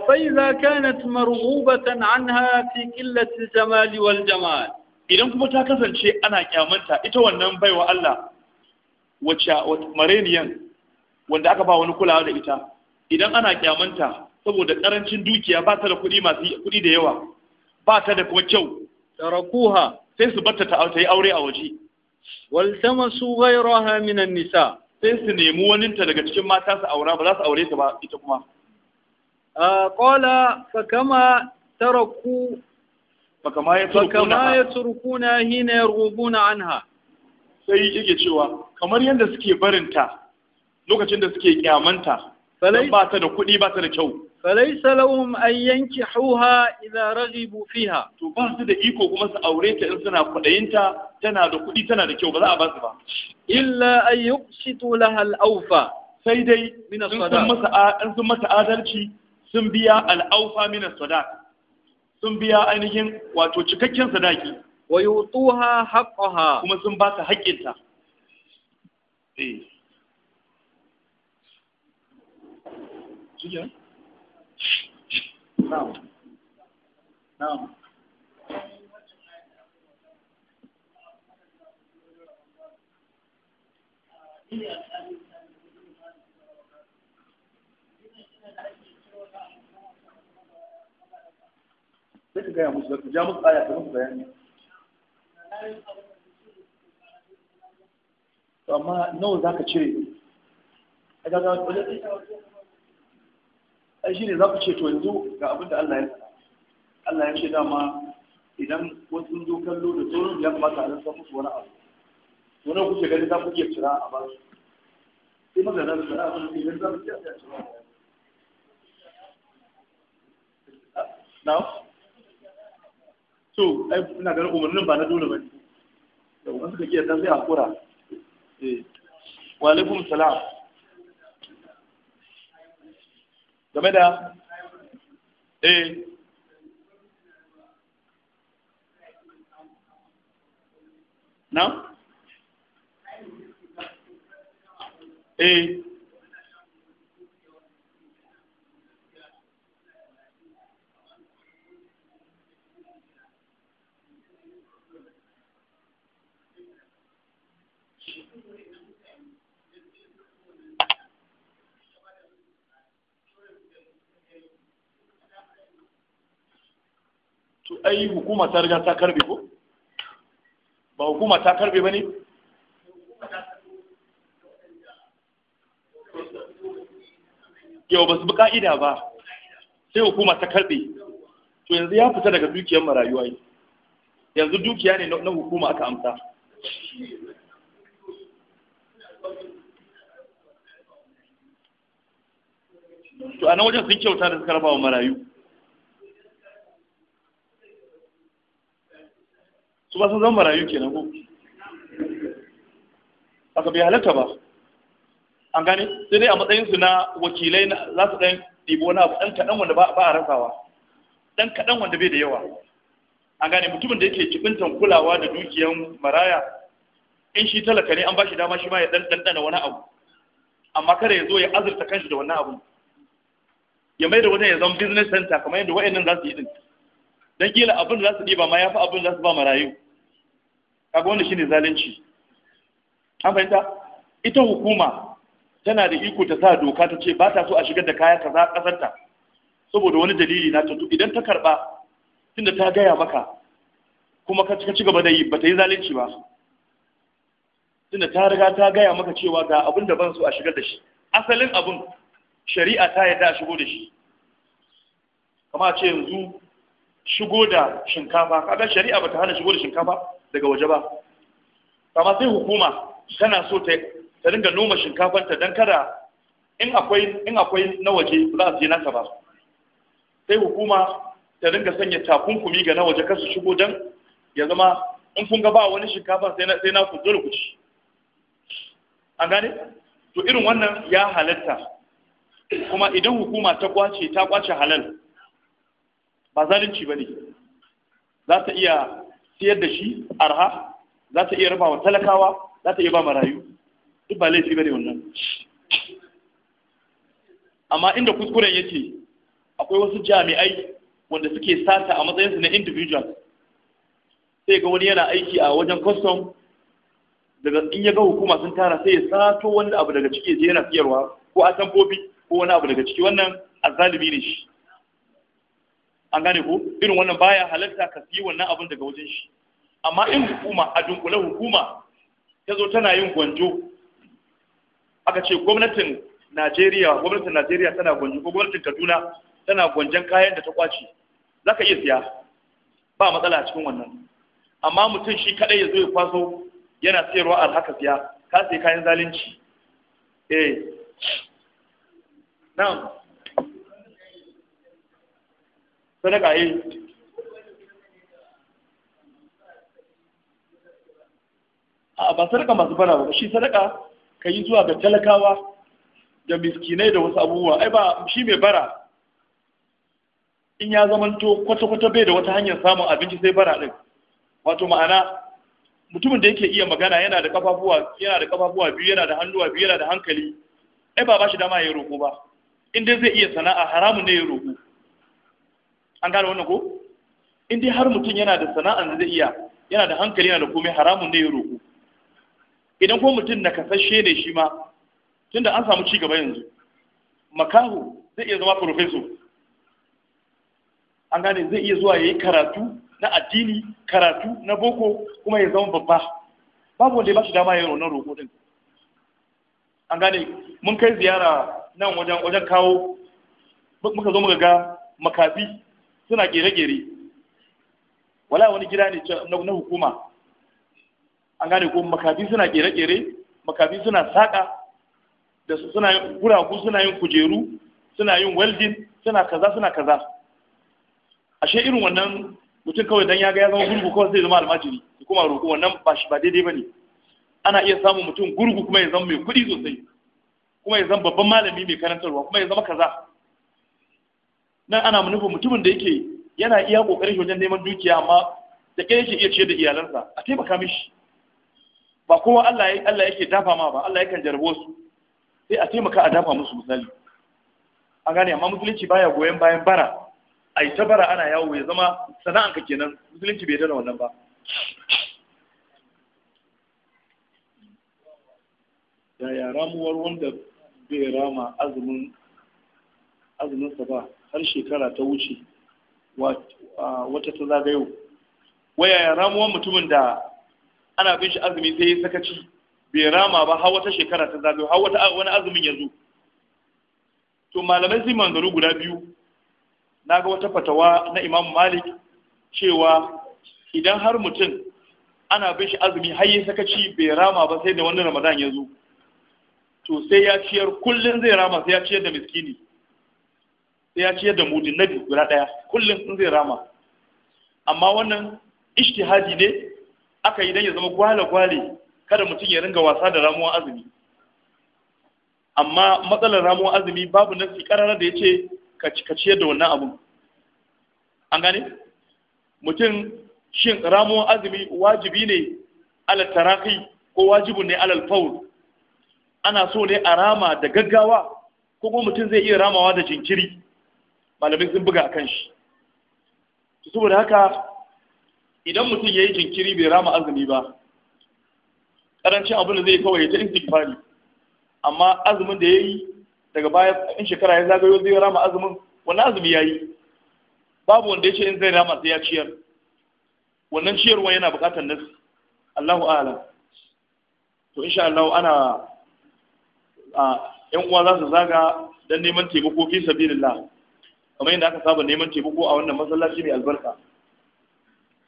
فإذا كانت مرغوبة عنها في قلة الجمال والجمال idan kuma ta kasance ana kyamanta ita wannan baiwa Allah wacce mareniyan wanda aka ba wani kulawa da ita idan ana kyamanta saboda karancin dukiya ba ta da kuɗi masu kuɗi da yawa ba ta da kuma kyau tarakuha sai su batta ta yi aure a waje wal tamasu ghayraha min an-nisa sai su nemi ta daga cikin mata su aura ba za su aure ta ba ita kuma qala fa kama taraku fa kama yatrukuna hina yarghubuna anha sai yake cewa kamar yadda suke barinta lokacin da suke kyamanta don ba ta da kuɗi ba ta da kyau falaisa lahum an yankihuha idza raghibu fiha to ba su da iko kuma su aure ta in suna kudayinta tana da kudi tana da kyau ba za a ba su ba illa an yuqsitu laha al-awfa sai dai min as-sadaq in sun masa adalci sun biya al-awfa min as sun biya ainihin wato cikakken sadaki wa yutuha haqqaha kuma sun ba ta haƙƙinta eh na'am na'am sai ka gaya musu ja musu aya ta musu bayani amma nawa cire ai shine za ku ce to yanzu ga abin da Allah ya faɗa Allah ya ce dama idan wasu sun zo kallo da sauran ya kamata a rasa musu wani abu wani kuke gani za ku ke cira a ba su sai maza za su faɗa abin da idan za ku a cira now so ai ina ganin umarnin ba na dole ba ne da wani suka kiyar sai a kura eh. wa alaikum salam game da e na e ai hukuma ta riga ta karbe ko ba hukuma ta karbe ba ne yau ba su bi ka'ida ba sai hukuma ta karbe to yanzu ya fita daga dukiyar marayu yi yanzu dukiya ne na hukuma aka amsa to a nan wajen sun kyauta da suka rabawa wa marayu su ba sun zama marayu kenan ko ka bai halatta ba an gane sai dai a matsayinsu na wakilai za su ɗan ɗibo na abu ɗan kaɗan wanda ba a rasawa ɗan kaɗan wanda bai da yawa an gane mutumin da yake kibintan kulawa da dukiyan maraya in shi talaka ne an ba shi dama shi ma ya ɗan ɗanɗana wani abu amma kada ya zo ya azurta kanshi da wannan abu ya mai da wani ya zama business center kamar yadda wa'annan za su yi din dan kila abin da za su ɗiba ma ya fi abin da za su ba marayu kaga wannan shine zalunci an fahimta ita hukuma tana da iko ta sa doka ta ce ba ta so a shigar da kaya kaza kasarta saboda wani dalili na tuntu idan ta karba tunda ta gaya maka kuma ka ci gaba da yi ba ta yi zalunci ba tunda ta riga ta gaya maka cewa ga abin da ban so a shigar da shi asalin abin shari'a ta yarda a shigo da shi a ce yanzu shigo da shinkafa kaga shari'a ba ta hana shigo da shinkafa daga waje ba amma sai hukuma tana so ta ta dinga noma ta dan kada in akwai in akwai na waje ba za a je nasa ba sai hukuma ta dinga sanya takunkumi ga na waje kar su shigo dan ya zama in kun ga ba wani shinkafa sai na sai na ku dole ku ci an gane to irin wannan ya halatta kuma idan hukuma ta kwace ta kwace halal ba zalunci ba ne za ta iya siyar da shi arha za ta iya raba wa talakawa za ta iya ba marayu duk ba laifi bane wannan amma inda kuskuren yake akwai wasu jami'ai wanda suke sata a matsayinsu na individual sai ga wani yana aiki a wajen custom daga in ya ga hukuma sun tara sai ya sato wani abu daga ciki je yana siyarwa ko a tambobi ko wani abu daga ciki wannan azalimi ne shi an gane ko irin wannan baya halarta ka fi wannan abin daga wajen shi amma in hukuma a dunkule hukuma ta zo tana yin gwanjo aka ce gwamnatin Najeriya gwamnatin Najeriya tana gwanjo ko gwamnatin Kaduna tana gwanjon kayan da ta kwace ka iya siya ba matsala a cikin wannan amma mutum shi kaɗai ya zo ya kwaso yana sayarwa a haka siya ka sai kayan zalunci eh na'am sadaka a ba sadaka masu bara ba shi sadaka ka yi zuwa ga talakawa da miskinai da wasu abubuwa ai ba shi mai bara in ya zamanto kwata-kwata bai da wata hanyar samun abinci sai bara din wato ma'ana mutumin da yake iya magana yana da kafafuwa yana da kafafuwa biyu yana da hannuwa biyu yana da hankali ai ba ba shi dama ya roƙo ba in dai zai iya sana'a haramun ne ya roƙo an gane wannan ko in dai har mutum yana da sana'an da zai iya yana da hankali yana da komai haramun ne ya roƙo idan ko mutum na kasashe ne shi ma tunda an samu ci gaba yanzu makahu zai iya zama profeso an gane zai iya zuwa ya yi karatu na addini karatu na boko kuma ya zama babba babu wanda ya ba shi dama ya yi wannan roƙo din an gane mun kai ziyara nan wajen wajen kawo muka zo muka ga makafi suna gere-gere wala wani gida ne na hukuma an gane ko makafi suna gere-gere makafi suna saƙa da su suna yin guragu suna yin kujeru suna yin welding suna kaza suna kaza ashe irin wannan mutum kawai dan ya ga ya zama gurgu kawai zai zama almajiri kuma roƙo wannan ba shi ba daidai bane ana iya samun mutum gurgu kuma ya zama mai kuɗi sosai kuma ya zama babban malami mai karantarwa kuma ya zama kaza nan ana nufin mutumin da yake yana iya kokarin shi wajen neman dukiya amma da kai yake iya ciyar da iyalansa a taimaka mishi ba kowa Allah ya Allah yake dafa ma ba Allah yakan jarbo su sai a taimaka a dafa musu misali an gane amma musulunci baya goyon bayan bara yi ta bara ana yawo ya zama ka kenan musulunci bai dana wannan ba ya ramuwar wanda bai rama azumin azumin sa ba har shekara ta wuce wata ta zagayo waya ya ramuwan mutumin da ana bin shi azumi sai yi sakaci bai rama ba har wata shekara ta zagayo har wata wani azumin ya zo to malamai sun manzaru guda biyu na ga wata fatawa na imam malik cewa idan har mutum ana bin shi azumi har yi sakaci bai rama ba sai da wani ramadan ya zo to sai ya ciyar kullum zai rama sai ya ciyar da miskini sai ya ciyar da mudin biyu guda ɗaya kullum in zai rama amma wannan ishtihadi ne aka yi don ya zama gwale-gwale kada mutum ya ringa wasa da ramuwar azumi amma matsalar ramuwar azumi babu nasi karara da ya ce ka ciyar da wannan abun an gane mutum shin ramuwar azumi wajibi ne alal taraki ko wajibu ne alal faul ana so ne a rama da gaggawa ko kuma mutum zai iya ramawa da jinkiri malamai sun buga kan shi saboda haka idan mutum ya yi jinkiri bai rama azumi ba karanci abin da zai kawai ta istighfari amma azumin da ya yi daga baya in shekara ya zagayo zai rama azumin wani azumi ya yi babu wanda ya ce in zai rama sai ya ciyar wannan ciyarwa yana bukatar nasu Allahu a'ala to insha Allah ana a yan uwa za su zaga dan neman taimako fi sabilillah kamar yadda aka saba neman taimako a wannan masallaci mai albarka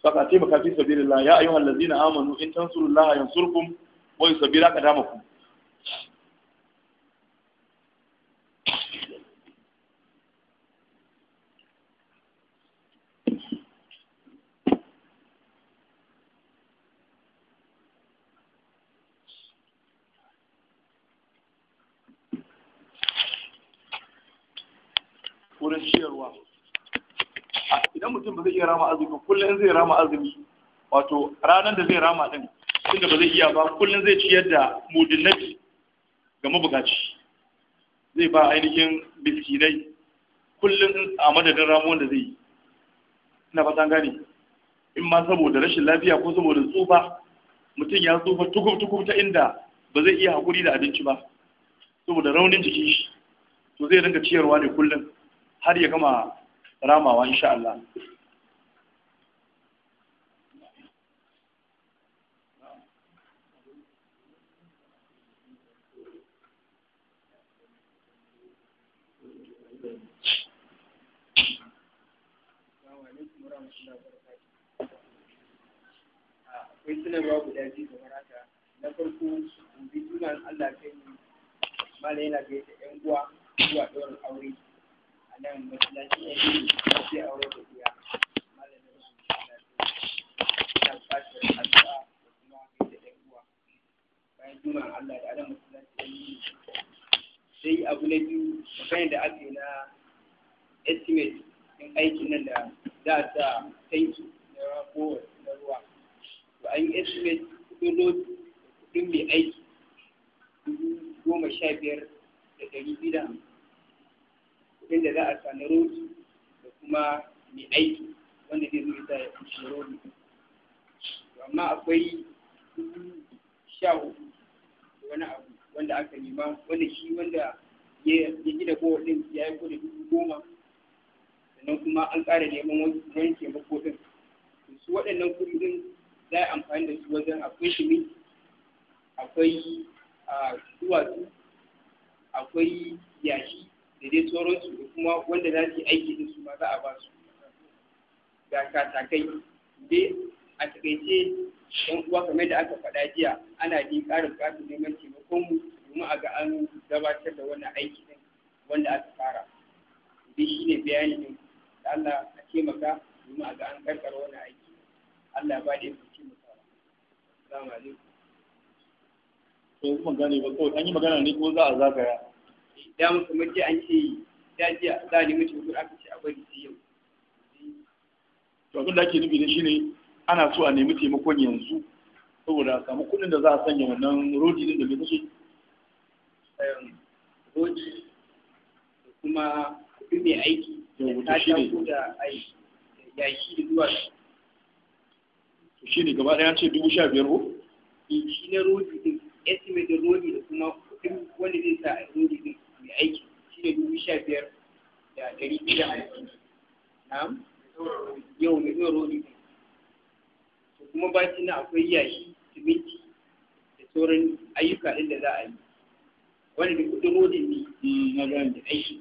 saka taimaka fi sabilillah ya ayyuhal ladzina amanu in tansurullaha yansurkum wa yusabbir aqdamakum iya rama azumi kullum zai rama azumi wato ranar da zai rama din tunda ba zai iya ba kullum zai ciyar da mudinnabi ga mabugaci, zai ba ainihin miskinai kullum a madadin ramuwan da zai yi ina fatan gane in ma saboda rashin lafiya ko saboda tsufa mutum ya tsufa tukub-tukub ta inda ba zai iya haƙuri da abinci ba saboda raunin jiki shi to zai rinka ciyarwa ne kullum har ya gama ramawa insha Allah akwai sanarwa guda biyu da haka na farko bi junan Allah kai mu mala yana ga yadda yan uwa zuwa ɗaurin aure a nan masallaci ya yi sai aure da biya mala na rasu ta buƙatar addu'a da kuma ga yadda yan uwa bayan junan Allah da adam masallaci ya yi sai abu na biyu magana da ake na estimate ɗin aikin nan da za a sa tanki na kowace to an yi estimate kudin lodi kudin mai aiki dubu goma sha biyar da ɗari biyu da hamsin kudin da za a sami rodi da kuma mai aiki wanda zai zo ita ya kushe rodi amma akwai dubu sha hudu wani abu wanda aka nema wanda shi wanda ya gina kowa ɗin ya yi kuɗi dubu goma sannan kuma an ƙara neman wani taimako ɗin su waɗannan kuɗi ɗin za a amfani da su wajen akwai shimi akwai duwatsu akwai yashi da dai sauransu da kuma wanda za su aiki da su ma za a ba su ga katakai dai a takaice yan uwa kamar da aka faɗa jiya ana dai ƙarin ƙarin neman taimakon mu domin a ga an gabatar da wannan aiki din wanda aka fara dai shine bayani bayanin da Allah a taimaka domin a ga an karkar wannan aiki Allah ya ba da yanzu ban gane ba kawai an yi magana ne ko za a zagaya da mu kamar ji an ce da ji da ne mutum ko aka ce a bari sai yau to abin da ake nufi da ne, ana so a nemi taimakon yanzu saboda a samu kuɗin da za a sanya wannan rodi din da bai kashe rodi kuma kuɗi mai aiki da ta da yashi da duwatsu to shi ne gaba ɗaya ce dubu sha biyar ko? E, shi na rodi din estimate rodi da kuma kuɗin wanda zai sa rodi din mai aiki shi ne dubu sha biyar da ɗari biyu a yanzu. na'am yau mai ɗora rodi din to kuma shi na akwai yashi siminti da sauran ayyuka ɗin da za a yi wanda da kuɗin rodi ne e, na gane da aiki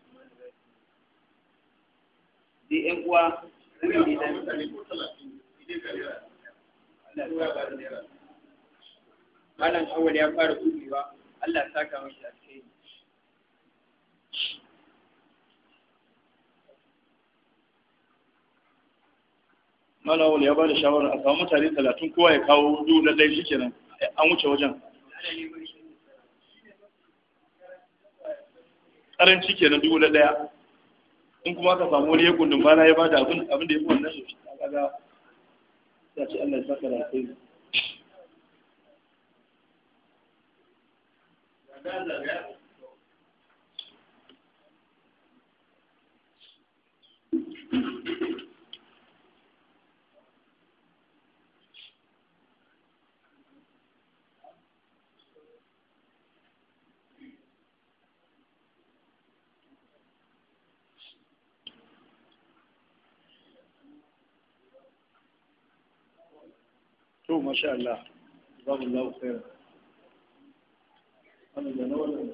sai yan uwa wuri ne nan malam awal ya fara kuɗewa Allah ta ya saka mashi Malam malawul ya ba da shawara a kawo mutane talatin kowa ya kawo hudu na ɗaya shi kenan an wuce wajen ƙaranci kenan dubu na ɗaya in kuma ka samu wani ya kundin na ya ba da abin da ya fi wannan shi kaga ya ce Allah ya saka da kai Thank you. شو ما شاء الله جزاكم الله خيرا انا ولا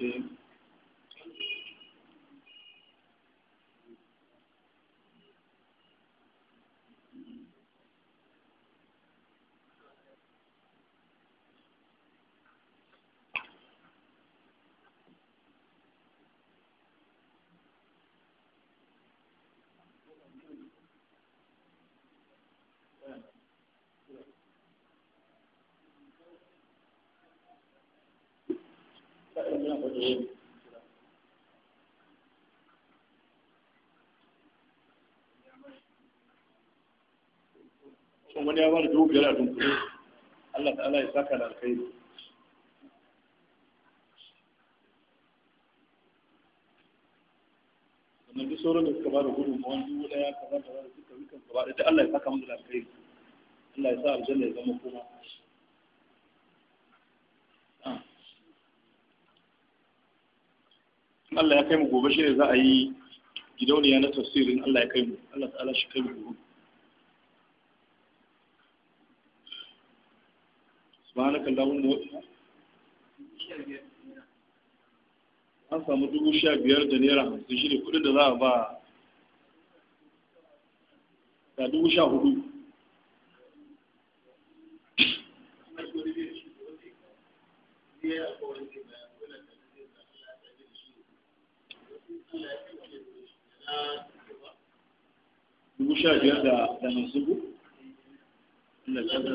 Okay. nan waje wani biyar a dunkule Allah ta'ala ya saka da alkhairi duk sauran da suka wani suka wikan da Allah ya sa aljanna ya zama koma Allah ya kai mu gobe shi ne za a yi gidauniya na tafsirin Allah ya kai mu Allah ta'ala shi kai mu gobe subhanaka allahumma wa an samu dubu sha biyar da naira hamsin shi ne kudin da za a ba da dubu sha hudu Yeah. dubu sha biyar da da masu bu Allah ya da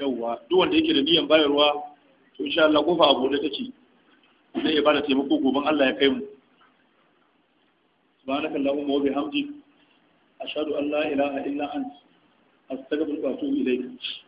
yawa duk wanda yake da niyan bayarwa to insha Allah kofa abu da take zai ba da taimako goben Allah ya kai mu subhanaka allahumma wa bihamdik ashhadu an la ilaha illa anta astaghfiruka wa atubu ilayk